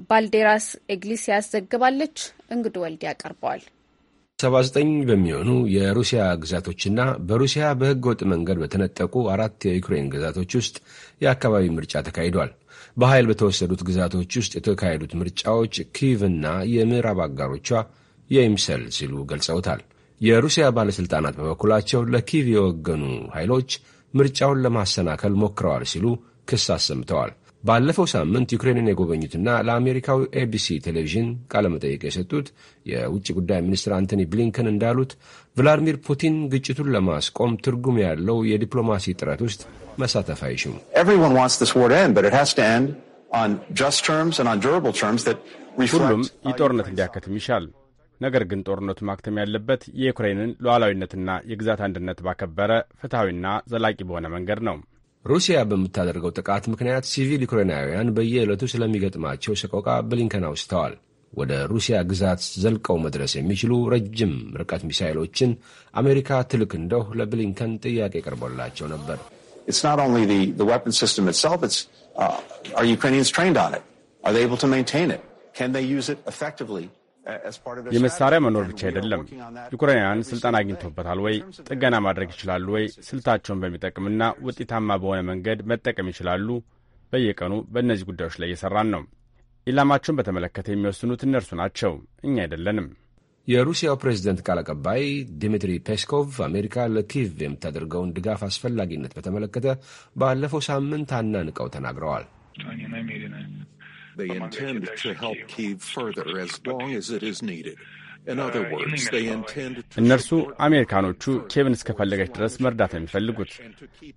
ባልዴራስ ኤግሊሲያስ ዘግባለች። እንግዱ ወልድ ያቀርበዋል። 79 በሚሆኑ የሩሲያ ግዛቶችና በሩሲያ በህገ ወጥ መንገድ በተነጠቁ አራት የዩክሬን ግዛቶች ውስጥ የአካባቢ ምርጫ ተካሂዷል። በኃይል በተወሰዱት ግዛቶች ውስጥ የተካሄዱት ምርጫዎች ኪቭና የምዕራብ አጋሮቿ የይምሰል ሲሉ ገልጸውታል። የሩሲያ ባለሥልጣናት በበኩላቸው ለኪቭ የወገኑ ኃይሎች ምርጫውን ለማሰናከል ሞክረዋል ሲሉ ክስ አሰምተዋል። ባለፈው ሳምንት ዩክሬንን የጎበኙትና ለአሜሪካው ኤቢሲ ቴሌቪዥን ቃለ መጠይቅ የሰጡት የውጭ ጉዳይ ሚኒስትር አንቶኒ ብሊንከን እንዳሉት ቭላዲሚር ፑቲን ግጭቱን ለማስቆም ትርጉም ያለው የዲፕሎማሲ ጥረት ውስጥ መሳተፍ አይሹም። ሁሉም ይህ ጦርነት እንዲያከትም ይሻል። ነገር ግን ጦርነቱ ማክተም ያለበት የዩክሬንን ሉዓላዊነትና የግዛት አንድነት ባከበረ ፍትሐዊና ዘላቂ በሆነ መንገድ ነው። ሩሲያ በምታደርገው ጥቃት ምክንያት ሲቪል ዩክሬናውያን በየዕለቱ ስለሚገጥማቸው ሰቆቃ ብሊንከን አውስተዋል። ወደ ሩሲያ ግዛት ዘልቀው መድረስ የሚችሉ ረጅም ርቀት ሚሳይሎችን አሜሪካ ትልክ እንደው ለብሊንከን ጥያቄ ቀርቦላቸው ነበር። የመሳሪያ መኖር ብቻ አይደለም። ዩክሬናውያን ስልጠና አግኝቶበታል ወይ? ጥገና ማድረግ ይችላሉ ወይ? ስልታቸውን በሚጠቅምና ውጤታማ በሆነ መንገድ መጠቀም ይችላሉ? በየቀኑ በእነዚህ ጉዳዮች ላይ እየሰራን ነው። ኢላማቸውን በተመለከተ የሚወስኑት እነርሱ ናቸው፣ እኛ አይደለንም። የሩሲያው ፕሬዝደንት ቃል አቀባይ ዲሚትሪ ፔስኮቭ አሜሪካ ለኪቭ የምታደርገውን ድጋፍ አስፈላጊነት በተመለከተ ባለፈው ሳምንት አናንቀው ተናግረዋል። They intend to help Kyiv further as long as it is needed. Uh, እነርሱ አሜሪካኖቹ ኬብን እስከፈለገች ድረስ መርዳት የሚፈልጉት።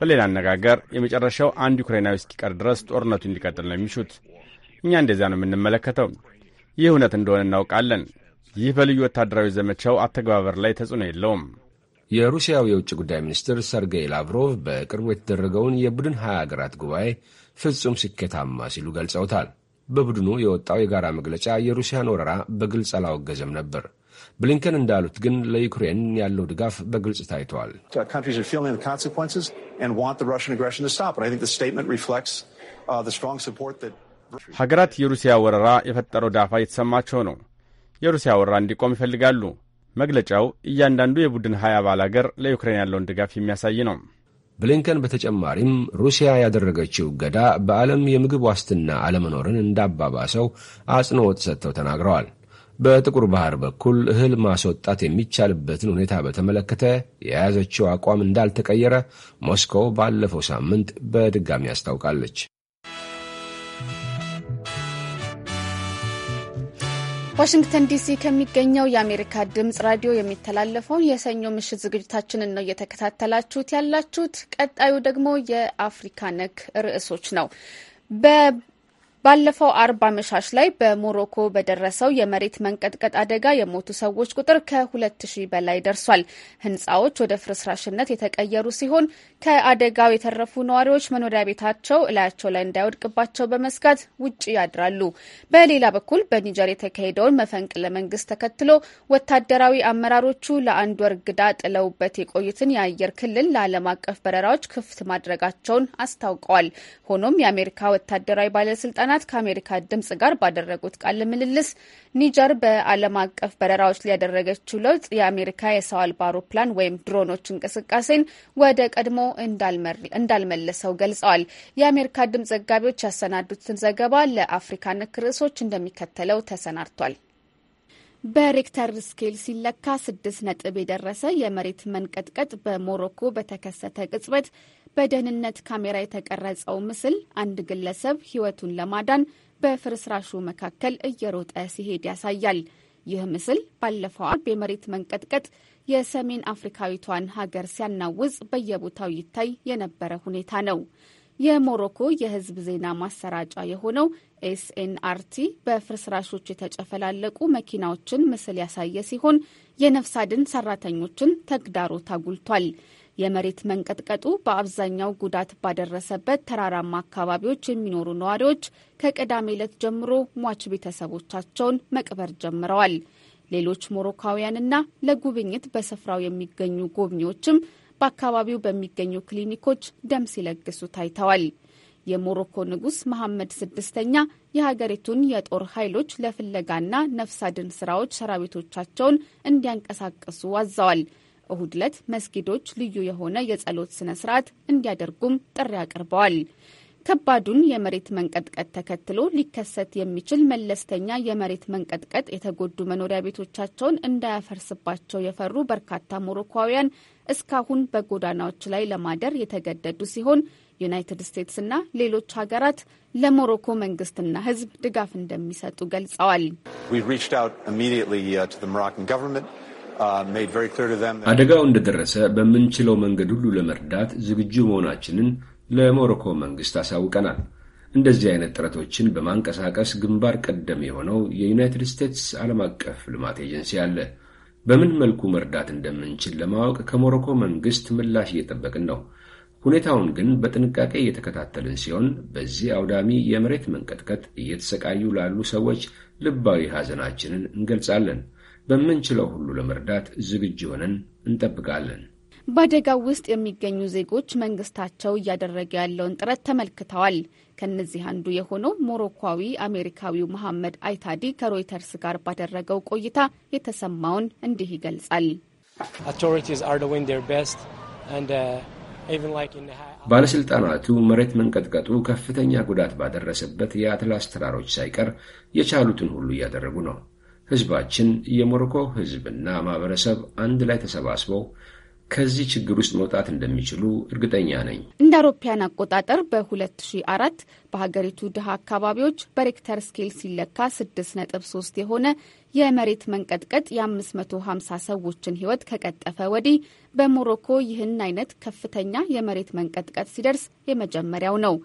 በሌላ አነጋገር የመጨረሻው አንድ ዩክሬናዊ እስኪቀር ድረስ ጦርነቱ እንዲቀጥል ነው የሚሹት። እኛ እንደዚያ ነው የምንመለከተው። ይህ እውነት እንደሆነ እናውቃለን። ይህ በልዩ ወታደራዊ ዘመቻው አተገባበር ላይ ተጽዕኖ የለውም። የሩሲያው የውጭ ጉዳይ ሚኒስትር ሰርጌይ ላቭሮቭ በቅርቡ የተደረገውን የቡድን ሀያ አገራት ጉባኤ ፍጹም ስኬታማ ሲሉ ገልጸውታል። በቡድኑ የወጣው የጋራ መግለጫ የሩሲያን ወረራ በግልጽ አላወገዘም ነበር። ብሊንከን እንዳሉት ግን ለዩክሬን ያለው ድጋፍ በግልጽ ታይተዋል። uh, ሀገራት የሩሲያ ወረራ የፈጠረው ዳፋ የተሰማቸው ነው። የሩሲያ ወረራ እንዲቆም ይፈልጋሉ። መግለጫው እያንዳንዱ የቡድን ሀያ አባል አገር ለዩክሬን ያለውን ድጋፍ የሚያሳይ ነው። ብሊንከን በተጨማሪም ሩሲያ ያደረገችው እገዳ በዓለም የምግብ ዋስትና አለመኖርን እንዳባባሰው አጽንኦት ሰጥተው ተናግረዋል። በጥቁር ባህር በኩል እህል ማስወጣት የሚቻልበትን ሁኔታ በተመለከተ የያዘችው አቋም እንዳልተቀየረ ሞስኮ ባለፈው ሳምንት በድጋሚ አስታውቃለች። ዋሽንግተን ዲሲ ከሚገኘው የአሜሪካ ድምፅ ራዲዮ የሚተላለፈውን የሰኞ ምሽት ዝግጅታችንን ነው እየተከታተላችሁት ያላችሁት። ቀጣዩ ደግሞ የአፍሪካ ነክ ርዕሶች ነው። ባለፈው አርብ አመሻሽ ላይ በሞሮኮ በደረሰው የመሬት መንቀጥቀጥ አደጋ የሞቱ ሰዎች ቁጥር ከ 2000 በላይ ደርሷል። ህንፃዎች ወደ ፍርስራሽነት የተቀየሩ ሲሆን ከአደጋው የተረፉ ነዋሪዎች መኖሪያ ቤታቸው እላያቸው ላይ እንዳይወድቅባቸው በመስጋት ውጭ ያድራሉ። በሌላ በኩል በኒጀር የተካሄደውን መፈንቅለ መንግስት ተከትሎ ወታደራዊ አመራሮቹ ለአንድ ወር ግዳ ጥለውበት የቆዩትን የአየር ክልል ለዓለም አቀፍ በረራዎች ክፍት ማድረጋቸውን አስታውቀዋል። ሆኖም የአሜሪካ ወታደራዊ ባለስልጣን ባለስልጣናት ከአሜሪካ ድምጽ ጋር ባደረጉት ቃለ ምልልስ ኒጀር በዓለም አቀፍ በረራዎች ሊያደረገችው ለውጥ የአሜሪካ የሰው አልባ አውሮፕላን ወይም ድሮኖች እንቅስቃሴን ወደ ቀድሞ እንዳልመለሰው ገልጸዋል። የአሜሪካ ድምጽ ዘጋቢዎች ያሰናዱትን ዘገባ ለአፍሪካ ንክ ርዕሶች እንደሚከተለው ተሰናድቷል። በሬክተር ስኬል ሲለካ ስድስት ነጥብ የደረሰ የመሬት መንቀጥቀጥ በሞሮኮ በተከሰተ ቅጽበት በደህንነት ካሜራ የተቀረጸው ምስል አንድ ግለሰብ ሕይወቱን ለማዳን በፍርስራሹ መካከል እየሮጠ ሲሄድ ያሳያል። ይህ ምስል ባለፈው አርብ የመሬት መንቀጥቀጥ የሰሜን አፍሪካዊቷን ሀገር ሲያናውዝ በየቦታው ይታይ የነበረ ሁኔታ ነው። የሞሮኮ የህዝብ ዜና ማሰራጫ የሆነው ኤስኤንአርቲ በፍርስራሾች የተጨፈላለቁ መኪናዎችን ምስል ያሳየ ሲሆን የነፍስ አድን ሰራተኞችን ተግዳሮት አጉልቷል። የመሬት መንቀጥቀጡ በአብዛኛው ጉዳት ባደረሰበት ተራራማ አካባቢዎች የሚኖሩ ነዋሪዎች ከቅዳሜ ዕለት ጀምሮ ሟች ቤተሰቦቻቸውን መቅበር ጀምረዋል። ሌሎች ሞሮካውያንና ለጉብኝት በስፍራው የሚገኙ ጎብኚዎችም በአካባቢው በሚገኙ ክሊኒኮች ደም ሲለግሱ ታይተዋል። የሞሮኮ ንጉሥ መሐመድ ስድስተኛ የሀገሪቱን የጦር ኃይሎች ለፍለጋና ነፍስ አድን ስራዎች ሰራዊቶቻቸውን እንዲያንቀሳቀሱ አዘዋል። እሁድ ዕለት መስጊዶች ልዩ የሆነ የጸሎት ስነ ስርዓት እንዲያደርጉም ጥሪ አቅርበዋል። ከባዱን የመሬት መንቀጥቀጥ ተከትሎ ሊከሰት የሚችል መለስተኛ የመሬት መንቀጥቀጥ የተጎዱ መኖሪያ ቤቶቻቸውን እንዳያፈርስባቸው የፈሩ በርካታ ሞሮኳውያን እስካሁን በጎዳናዎች ላይ ለማደር የተገደዱ ሲሆን ዩናይትድ እና ሌሎች ሀገራት ለሞሮኮ መንግስትና ሕዝብ ድጋፍ እንደሚሰጡ ገልጸዋል። Uh, አደጋው እንደደረሰ በምንችለው መንገድ ሁሉ ለመርዳት ዝግጁ መሆናችንን ለሞሮኮ መንግስት አሳውቀናል። እንደዚህ አይነት ጥረቶችን በማንቀሳቀስ ግንባር ቀደም የሆነው የዩናይትድ ስቴትስ ዓለም አቀፍ ልማት ኤጀንሲ አለ። በምን መልኩ መርዳት እንደምንችል ለማወቅ ከሞሮኮ መንግስት ምላሽ እየጠበቅን ነው። ሁኔታውን ግን በጥንቃቄ እየተከታተልን ሲሆን በዚህ አውዳሚ የመሬት መንቀጥቀጥ እየተሰቃዩ ላሉ ሰዎች ልባዊ ሐዘናችንን እንገልጻለን። በምንችለው ሁሉ ለመርዳት ዝግጅ ሆነን እንጠብቃለን። በአደጋው ውስጥ የሚገኙ ዜጎች መንግስታቸው እያደረገ ያለውን ጥረት ተመልክተዋል። ከነዚህ አንዱ የሆነው ሞሮኳዊ አሜሪካዊው መሐመድ አይታዲ ከሮይተርስ ጋር ባደረገው ቆይታ የተሰማውን እንዲህ ይገልጻል። uh, ባለሥልጣናቱ መሬት መንቀጥቀጡ ከፍተኛ ጉዳት ባደረሰበት የአትላስ ተራሮች ሳይቀር የቻሉትን ሁሉ እያደረጉ ነው። ህዝባችን የሞሮኮ ህዝብና ማህበረሰብ አንድ ላይ ተሰባስበው ከዚህ ችግር ውስጥ መውጣት እንደሚችሉ እርግጠኛ ነኝ። እንደ አውሮፓያን አቆጣጠር በ2004 በሀገሪቱ ድሃ አካባቢዎች በሬክተር ስኬል ሲለካ 6.3 የሆነ የመሬት መንቀጥቀጥ የ550 ሰዎችን ህይወት ከቀጠፈ ወዲህ በሞሮኮ ይህን አይነት ከፍተኛ የመሬት መንቀጥቀጥ ሲደርስ የመጀመሪያው ነው።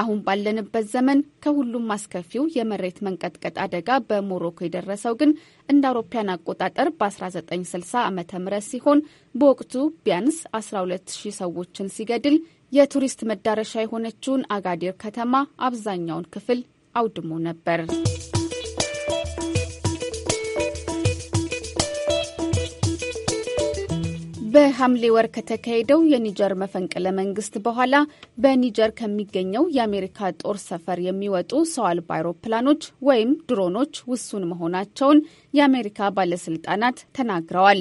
አሁን ባለንበት ዘመን ከሁሉም አስከፊው የመሬት መንቀጥቀጥ አደጋ በሞሮኮ የደረሰው ግን እንደ አውሮፓያን አቆጣጠር በ1960 ዓ ም ሲሆን በወቅቱ ቢያንስ 120 ሰዎችን ሲገድል የቱሪስት መዳረሻ የሆነችውን አጋዴር ከተማ አብዛኛውን ክፍል አውድሞ ነበር። በሐምሌ ወር ከተካሄደው የኒጀር መፈንቅለ መንግስት በኋላ በኒጀር ከሚገኘው የአሜሪካ ጦር ሰፈር የሚወጡ ሰው አልባ አውሮፕላኖች ወይም ድሮኖች ውሱን መሆናቸውን የአሜሪካ ባለስልጣናት ተናግረዋል።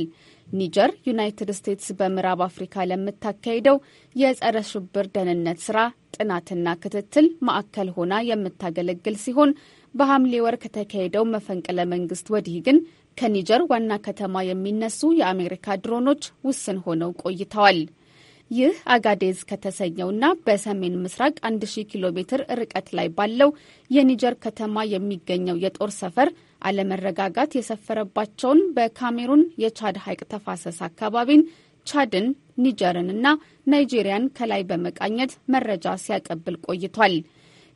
ኒጀር ዩናይትድ ስቴትስ በምዕራብ አፍሪካ ለምታካሄደው የጸረ ሽብር ደህንነት ስራ ጥናትና ክትትል ማዕከል ሆና የምታገለግል ሲሆን በሐምሌ ወር ከተካሄደው መፈንቅለ መንግስት ወዲህ ግን ከኒጀር ዋና ከተማ የሚነሱ የአሜሪካ ድሮኖች ውስን ሆነው ቆይተዋል። ይህ አጋዴዝ ከተሰኘውና በሰሜን ምስራቅ 1000 ኪሎ ሜትር ርቀት ላይ ባለው የኒጀር ከተማ የሚገኘው የጦር ሰፈር አለመረጋጋት የሰፈረባቸውን በካሜሩን የቻድ ሐይቅ ተፋሰስ አካባቢን፣ ቻድን፣ ኒጀርንና ናይጄሪያን ከላይ በመቃኘት መረጃ ሲያቀብል ቆይቷል።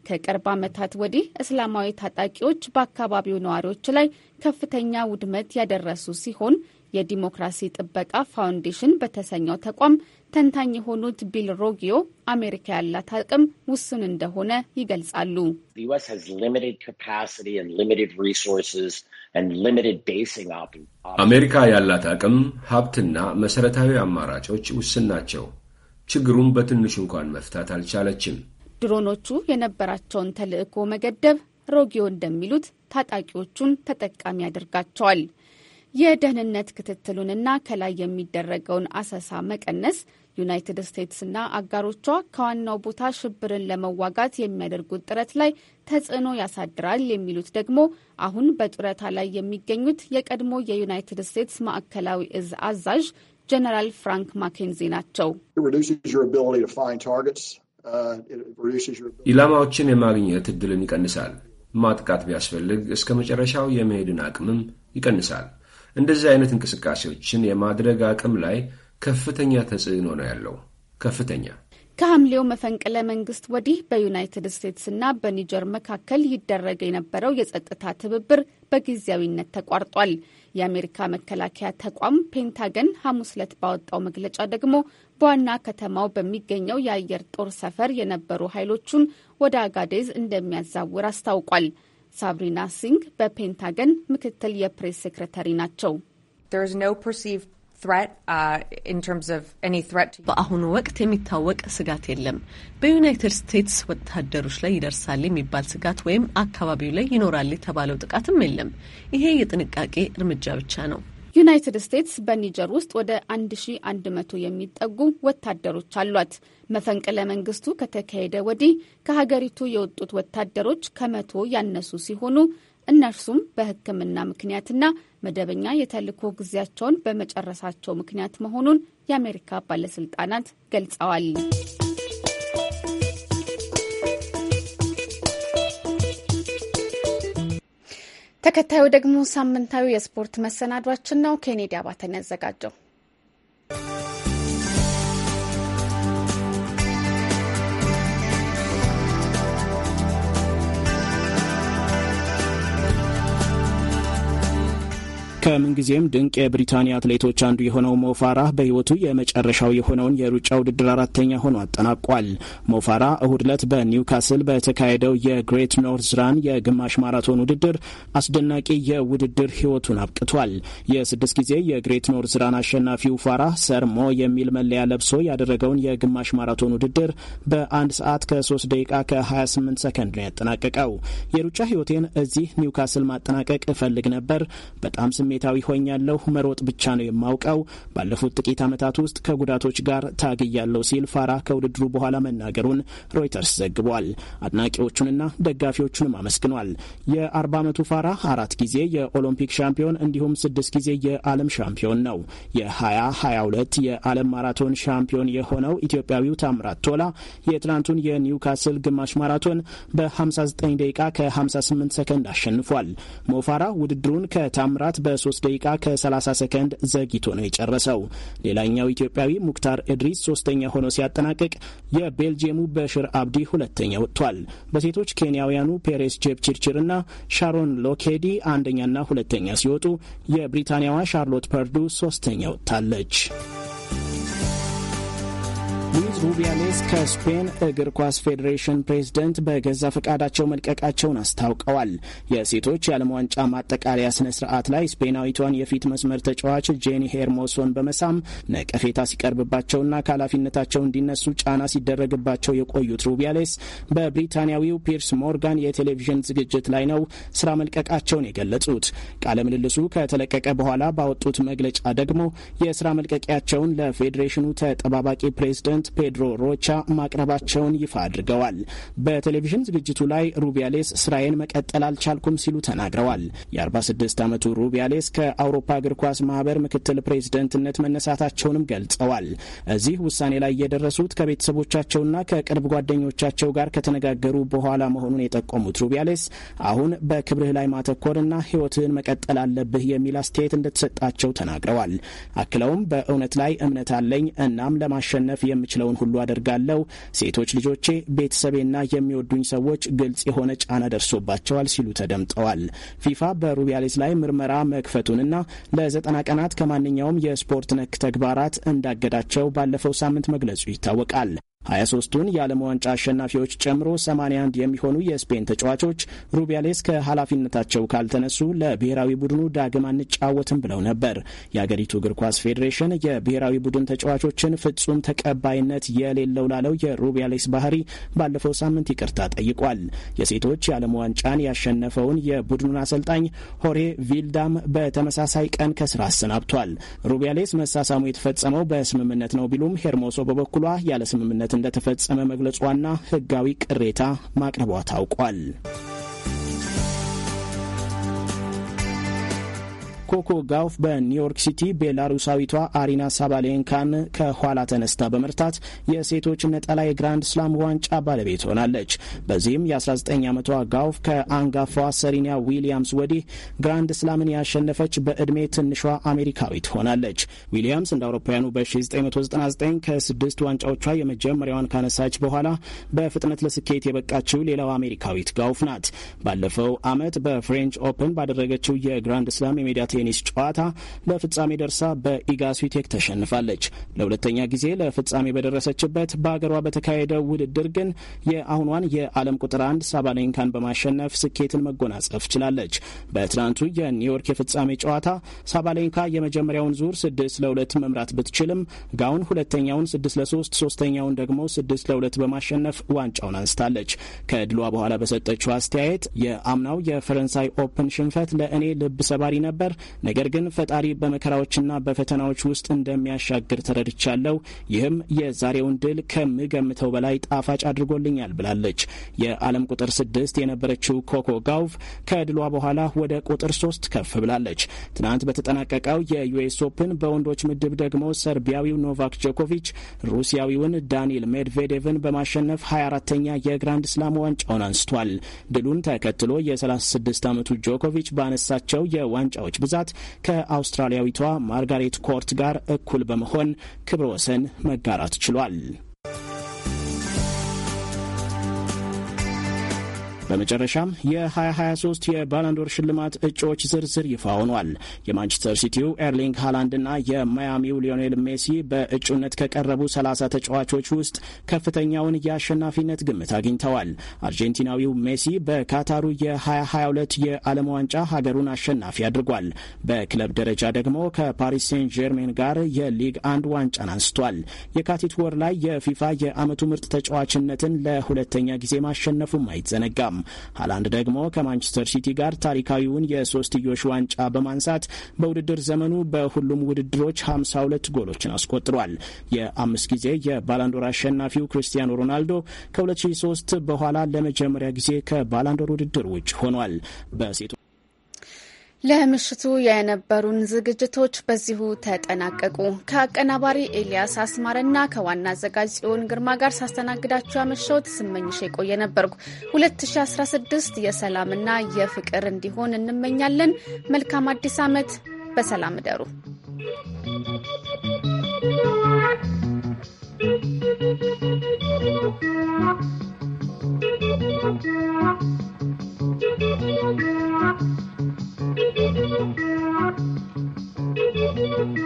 ከቅርብ ዓመታት ወዲህ እስላማዊ ታጣቂዎች በአካባቢው ነዋሪዎች ላይ ከፍተኛ ውድመት ያደረሱ ሲሆን የዲሞክራሲ ጥበቃ ፋውንዴሽን በተሰኘው ተቋም ተንታኝ የሆኑት ቢል ሮጊዮ አሜሪካ ያላት አቅም ውስን እንደሆነ ይገልጻሉ። አሜሪካ ያላት አቅም፣ ሀብትና መሰረታዊ አማራጮች ውስን ናቸው። ችግሩን በትንሽ እንኳን መፍታት አልቻለችም። ድሮኖቹ የነበራቸውን ተልዕኮ መገደብ ሮጊዮ እንደሚሉት ታጣቂዎቹን ተጠቃሚ ያደርጋቸዋል። የደህንነት ክትትሉንና ከላይ የሚደረገውን አሰሳ መቀነስ ዩናይትድ ስቴትስና አጋሮቿ ከዋናው ቦታ ሽብርን ለመዋጋት የሚያደርጉት ጥረት ላይ ተጽዕኖ ያሳድራል የሚሉት ደግሞ አሁን በጡረታ ላይ የሚገኙት የቀድሞ የዩናይትድ ስቴትስ ማዕከላዊ እዝ አዛዥ ጀነራል ፍራንክ ማኬንዚ ናቸው። ኢላማዎችን የማግኘት እድልን ይቀንሳል። ማጥቃት ቢያስፈልግ እስከ መጨረሻው የመሄድን አቅምም ይቀንሳል። እንደዚህ አይነት እንቅስቃሴዎችን የማድረግ አቅም ላይ ከፍተኛ ተጽዕኖ ነው ያለው። ከፍተኛ ከሐምሌው መፈንቅለ መንግስት ወዲህ በዩናይትድ ስቴትስ ና በኒጀር መካከል ይደረግ የነበረው የጸጥታ ትብብር በጊዜያዊነት ተቋርጧል። የአሜሪካ መከላከያ ተቋም ፔንታገን ሐሙስ ዕለት ባወጣው መግለጫ ደግሞ በዋና ከተማው በሚገኘው የአየር ጦር ሰፈር የነበሩ ኃይሎቹን ወደ አጋዴዝ እንደሚያዛውር አስታውቋል። ሳብሪና ሲንግ በፔንታገን ምክትል የፕሬስ ሴክረተሪ ናቸው። There is no perceived Uh, በአሁኑ ወቅት የሚታወቅ ስጋት የለም። በዩናይትድ ስቴትስ ወታደሮች ላይ ይደርሳል የሚባል ስጋት ወይም አካባቢው ላይ ይኖራል የተባለው ጥቃትም የለም። ይሄ የጥንቃቄ እርምጃ ብቻ ነው። ዩናይትድ ስቴትስ በኒጀር ውስጥ ወደ 1100 የሚጠጉ ወታደሮች አሏት። መፈንቅለ መንግስቱ ከተካሄደ ወዲህ ከሀገሪቱ የወጡት ወታደሮች ከመቶ ያነሱ ሲሆኑ እነርሱም በሕክምና ምክንያትና መደበኛ የተልእኮ ጊዜያቸውን በመጨረሳቸው ምክንያት መሆኑን የአሜሪካ ባለስልጣናት ገልጸዋል። ተከታዩ ደግሞ ሳምንታዊ የስፖርት መሰናዷችን ነው። ኬኔዲ አባተን ያዘጋጀው ከምንጊዜም ድንቅ የብሪታንያ አትሌቶች አንዱ የሆነው ሞፋራ በህይወቱ የመጨረሻው የሆነውን የሩጫ ውድድር አራተኛ ሆኖ አጠናቋል። ሞፋራ እሁድ ለት በኒውካስል በተካሄደው የግሬት ኖርዝ ራን የግማሽ ማራቶን ውድድር አስደናቂ የውድድር ህይወቱን አብቅቷል። የስድስት ጊዜ የግሬት ኖርዝ ራን አሸናፊው ፋራ ሰርሞ የሚል መለያ ለብሶ ያደረገውን የግማሽ ማራቶን ውድድር በአንድ ሰዓት ከ3 ደቂቃ ከ28 ሰከንድ ነው ያጠናቀቀው። የሩጫ ህይወቴን እዚህ ኒውካስል ማጠናቀቅ እፈልግ ነበር። በጣም ስሜ ስሜታዊ ሆኛለሁ። መሮጥ ብቻ ነው የማውቀው። ባለፉት ጥቂት ዓመታት ውስጥ ከጉዳቶች ጋር ታግያለሁ ሲል ፋራ ከውድድሩ በኋላ መናገሩን ሮይተርስ ዘግቧል። አድናቂዎቹንና ደጋፊዎቹንም አመስግኗል። የአርባ ዓመቱ ፋራ አራት ጊዜ የኦሎምፒክ ሻምፒዮን እንዲሁም ስድስት ጊዜ የዓለም ሻምፒዮን ነው። የ2022 የዓለም ማራቶን ሻምፒዮን የሆነው ኢትዮጵያዊው ታምራት ቶላ የትናንቱን የኒውካስል ግማሽ ማራቶን በ59 ደቂቃ ከ58 ሰከንድ አሸንፏል። ሞፋራ ውድድሩን ከታምራት በ3 በ3 ደቂቃ ከ30 ሰከንድ ዘግይቶ ነው የጨረሰው። ሌላኛው ኢትዮጵያዊ ሙክታር እድሪስ ሶስተኛ ሆኖ ሲያጠናቅቅ የቤልጅየሙ በሽር አብዲ ሁለተኛ ወጥቷል። በሴቶች ኬንያውያኑ ፔሬስ ጄፕ ችርችር እና ሻሮን ሎኬዲ አንደኛና ሁለተኛ ሲወጡ የብሪታንያዋ ሻርሎት ፐርዱ ሶስተኛ ወጥታለች። ሉዊዝ ሩቢያሌስ ከስፔን እግር ኳስ ፌዴሬሽን ፕሬዝደንት በገዛ ፈቃዳቸው መልቀቃቸውን አስታውቀዋል። የሴቶች የዓለም ዋንጫ ማጠቃለያ ስነ ስርዓት ላይ ስፔናዊቷን የፊት መስመር ተጫዋች ጄኒ ሄርሞሶን በመሳም ነቀፌታ ሲቀርብባቸውና ከኃላፊነታቸው እንዲነሱ ጫና ሲደረግባቸው የቆዩት ሩቢያሌስ በብሪታንያዊው ፒርስ ሞርጋን የቴሌቪዥን ዝግጅት ላይ ነው ስራ መልቀቃቸውን የገለጹት። ቃለ ምልልሱ ከተለቀቀ በኋላ ባወጡት መግለጫ ደግሞ የስራ መልቀቂያቸውን ለፌዴሬሽኑ ተጠባባቂ ፕሬዝደንት ፕሬዝዳንት ፔድሮ ሮቻ ማቅረባቸውን ይፋ አድርገዋል። በቴሌቪዥን ዝግጅቱ ላይ ሩቢያሌስ ስራዬን መቀጠል አልቻልኩም ሲሉ ተናግረዋል። የ46 ዓመቱ ሩቢያሌስ ከአውሮፓ እግር ኳስ ማህበር ምክትል ፕሬዝደንትነት መነሳታቸውንም ገልጸዋል። እዚህ ውሳኔ ላይ የደረሱት ከቤተሰቦቻቸውና ከቅርብ ጓደኞቻቸው ጋር ከተነጋገሩ በኋላ መሆኑን የጠቆሙት ሩቢያሌስ አሁን በክብርህ ላይ ማተኮርና ህይወትህን መቀጠል አለብህ የሚል አስተያየት እንደተሰጣቸው ተናግረዋል። አክለውም በእውነት ላይ እምነት አለኝ እናም ለማሸነፍ የምችል የምችለውን ሁሉ አደርጋለሁ። ሴቶች ልጆቼ፣ ቤተሰቤና የሚወዱኝ ሰዎች ግልጽ የሆነ ጫና ደርሶባቸዋል ሲሉ ተደምጠዋል። ፊፋ በሩቢያሌስ ላይ ምርመራ መክፈቱንና ለዘጠና ቀናት ከማንኛውም የስፖርት ነክ ተግባራት እንዳገዳቸው ባለፈው ሳምንት መግለጹ ይታወቃል። 23ቱን የዓለም ዋንጫ አሸናፊዎች ጨምሮ 81 የሚሆኑ የስፔን ተጫዋቾች ሩቢያሌስ ከኃላፊነታቸው ካልተነሱ ለብሔራዊ ቡድኑ ዳግም አንጫወትም ብለው ነበር። የአገሪቱ እግር ኳስ ፌዴሬሽን የብሔራዊ ቡድን ተጫዋቾችን ፍጹም ተቀባይነት የሌለው ላለው የሩቢያሌስ ባህሪ ባለፈው ሳምንት ይቅርታ ጠይቋል። የሴቶች የዓለም ዋንጫን ያሸነፈውን የቡድኑን አሰልጣኝ ሆሬ ቪልዳም በተመሳሳይ ቀን ከስራ አሰናብቷል። ሩቢያሌስ መሳሳሙ የተፈጸመው በስምምነት ነው ቢሉም ሄርሞሶ በበኩሏ ያለ ስምምነት እንደተፈጸመ መግለጿና ህጋዊ ቅሬታ ማቅረቧ ታውቋል። ኮኮ ጋውፍ በኒውዮርክ ሲቲ ቤላሩሳዊቷ አሪና ሳባሌንካን ከኋላ ተነስታ በመርታት የሴቶች ነጠላ የግራንድ ስላም ዋንጫ ባለቤት ሆናለች። በዚህም የ19 ዓመቷ ጋውፍ ከአንጋፋዋ ሰሪኒያ ዊሊያምስ ወዲህ ግራንድ ስላምን ያሸነፈች በዕድሜ ትንሿ አሜሪካዊት ሆናለች። ዊሊያምስ እንደ አውሮፓውያኑ በ1999 ከስድስት ዋንጫዎቿ የመጀመሪያዋን ካነሳች በኋላ በፍጥነት ለስኬት የበቃችው ሌላው አሜሪካዊት ጋውፍ ናት። ባለፈው ዓመት በፍሬንች ኦፕን ባደረገችው የግራንድ ስላም የሜዳ ቴኒስ ጨዋታ ለፍጻሜ ደርሳ በኢጋስዊቴክ ተሸንፋለች። ለሁለተኛ ጊዜ ለፍጻሜ በደረሰችበት በአገሯ በተካሄደው ውድድር ግን የአሁኗን የዓለም ቁጥር አንድ ሳባሌንካን በማሸነፍ ስኬትን መጎናጸፍ ችላለች። በትናንቱ የኒውዮርክ የፍጻሜ ጨዋታ ሳባሌንካ የመጀመሪያውን ዙር ስድስት ለሁለት መምራት ብትችልም ጋውን ሁለተኛውን ስድስት ለሶስት ሶስተኛውን ደግሞ ስድስት ለሁለት በማሸነፍ ዋንጫውን አንስታለች። ከድሏ በኋላ በሰጠችው አስተያየት የአምናው የፈረንሳይ ኦፕን ሽንፈት ለእኔ ልብ ሰባሪ ነበር። ነገር ግን ፈጣሪ በመከራዎችና በፈተናዎች ውስጥ እንደሚያሻግር ተረድቻለሁ። ይህም የዛሬውን ድል ከምገምተው በላይ ጣፋጭ አድርጎልኛል ብላለች። የዓለም ቁጥር ስድስት የነበረችው ኮኮ ጋውቭ ከድሏ በኋላ ወደ ቁጥር ሶስት ከፍ ብላለች። ትናንት በተጠናቀቀው የዩኤስ ኦፕን በወንዶች ምድብ ደግሞ ሰርቢያዊው ኖቫክ ጆኮቪች ሩሲያዊውን ዳኒል ሜድቬዴቭን በማሸነፍ 24ተኛ የግራንድ ስላም ዋንጫውን አንስቷል። ድሉን ተከትሎ የ36 ዓመቱ ጆኮቪች ባነሳቸው የዋንጫዎች ብዛት ግዛት ከአውስትራሊያዊቷ ማርጋሬት ኮርት ጋር እኩል በመሆን ክብረ ወሰን መጋራት ችሏል። በመጨረሻም የ2023 የባላንዶር ሽልማት እጩዎች ዝርዝር ይፋ ሆኗል። የማንቸስተር ሲቲው ኤርሊንግ እና የማያሚው ሊዮኔል ሜሲ በእጩነት ከቀረቡ 30 ተጫዋቾች ውስጥ ከፍተኛውን የአሸናፊነት ግምት አግኝተዋል። አርጀንቲናዊው ሜሲ በካታሩ የ2022 የዓለም ዋንጫ ሀገሩን አሸናፊ አድርጓል። በክለብ ደረጃ ደግሞ ከፓሪስ ሴን ጀርሜን ጋር የሊግ አንድ ዋንጫን አንስቷል። የካቲት ወር ላይ የፊፋ የዓመቱ ምርጥ ተጫዋችነትን ለሁለተኛ ጊዜ ማሸነፉም አይዘነጋም። አልተሳካም። ሀላንድ ደግሞ ከማንቸስተር ሲቲ ጋር ታሪካዊውን የሶስትዮሽ ዋንጫ በማንሳት በውድድር ዘመኑ በሁሉም ውድድሮች 52 ጎሎችን አስቆጥሯል። የአምስት ጊዜ የባላንዶር አሸናፊው ክርስቲያኖ ሮናልዶ ከ2003 በኋላ ለመጀመሪያ ጊዜ ከባላንዶር ውድድር ውጭ ሆኗል። በሴቶ ለምሽቱ የነበሩን ዝግጅቶች በዚሁ ተጠናቀቁ። ከአቀናባሪ ኤልያስ አስማረና ከዋና አዘጋጅ ጽዮን ግርማ ጋር ሳስተናግዳችሁ ያመሸሁት ስመኝሽ የቆየ ነበርኩ። 2016 የሰላምና የፍቅር እንዲሆን እንመኛለን። መልካም አዲስ ዓመት። በሰላም እደሩ። Thank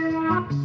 you.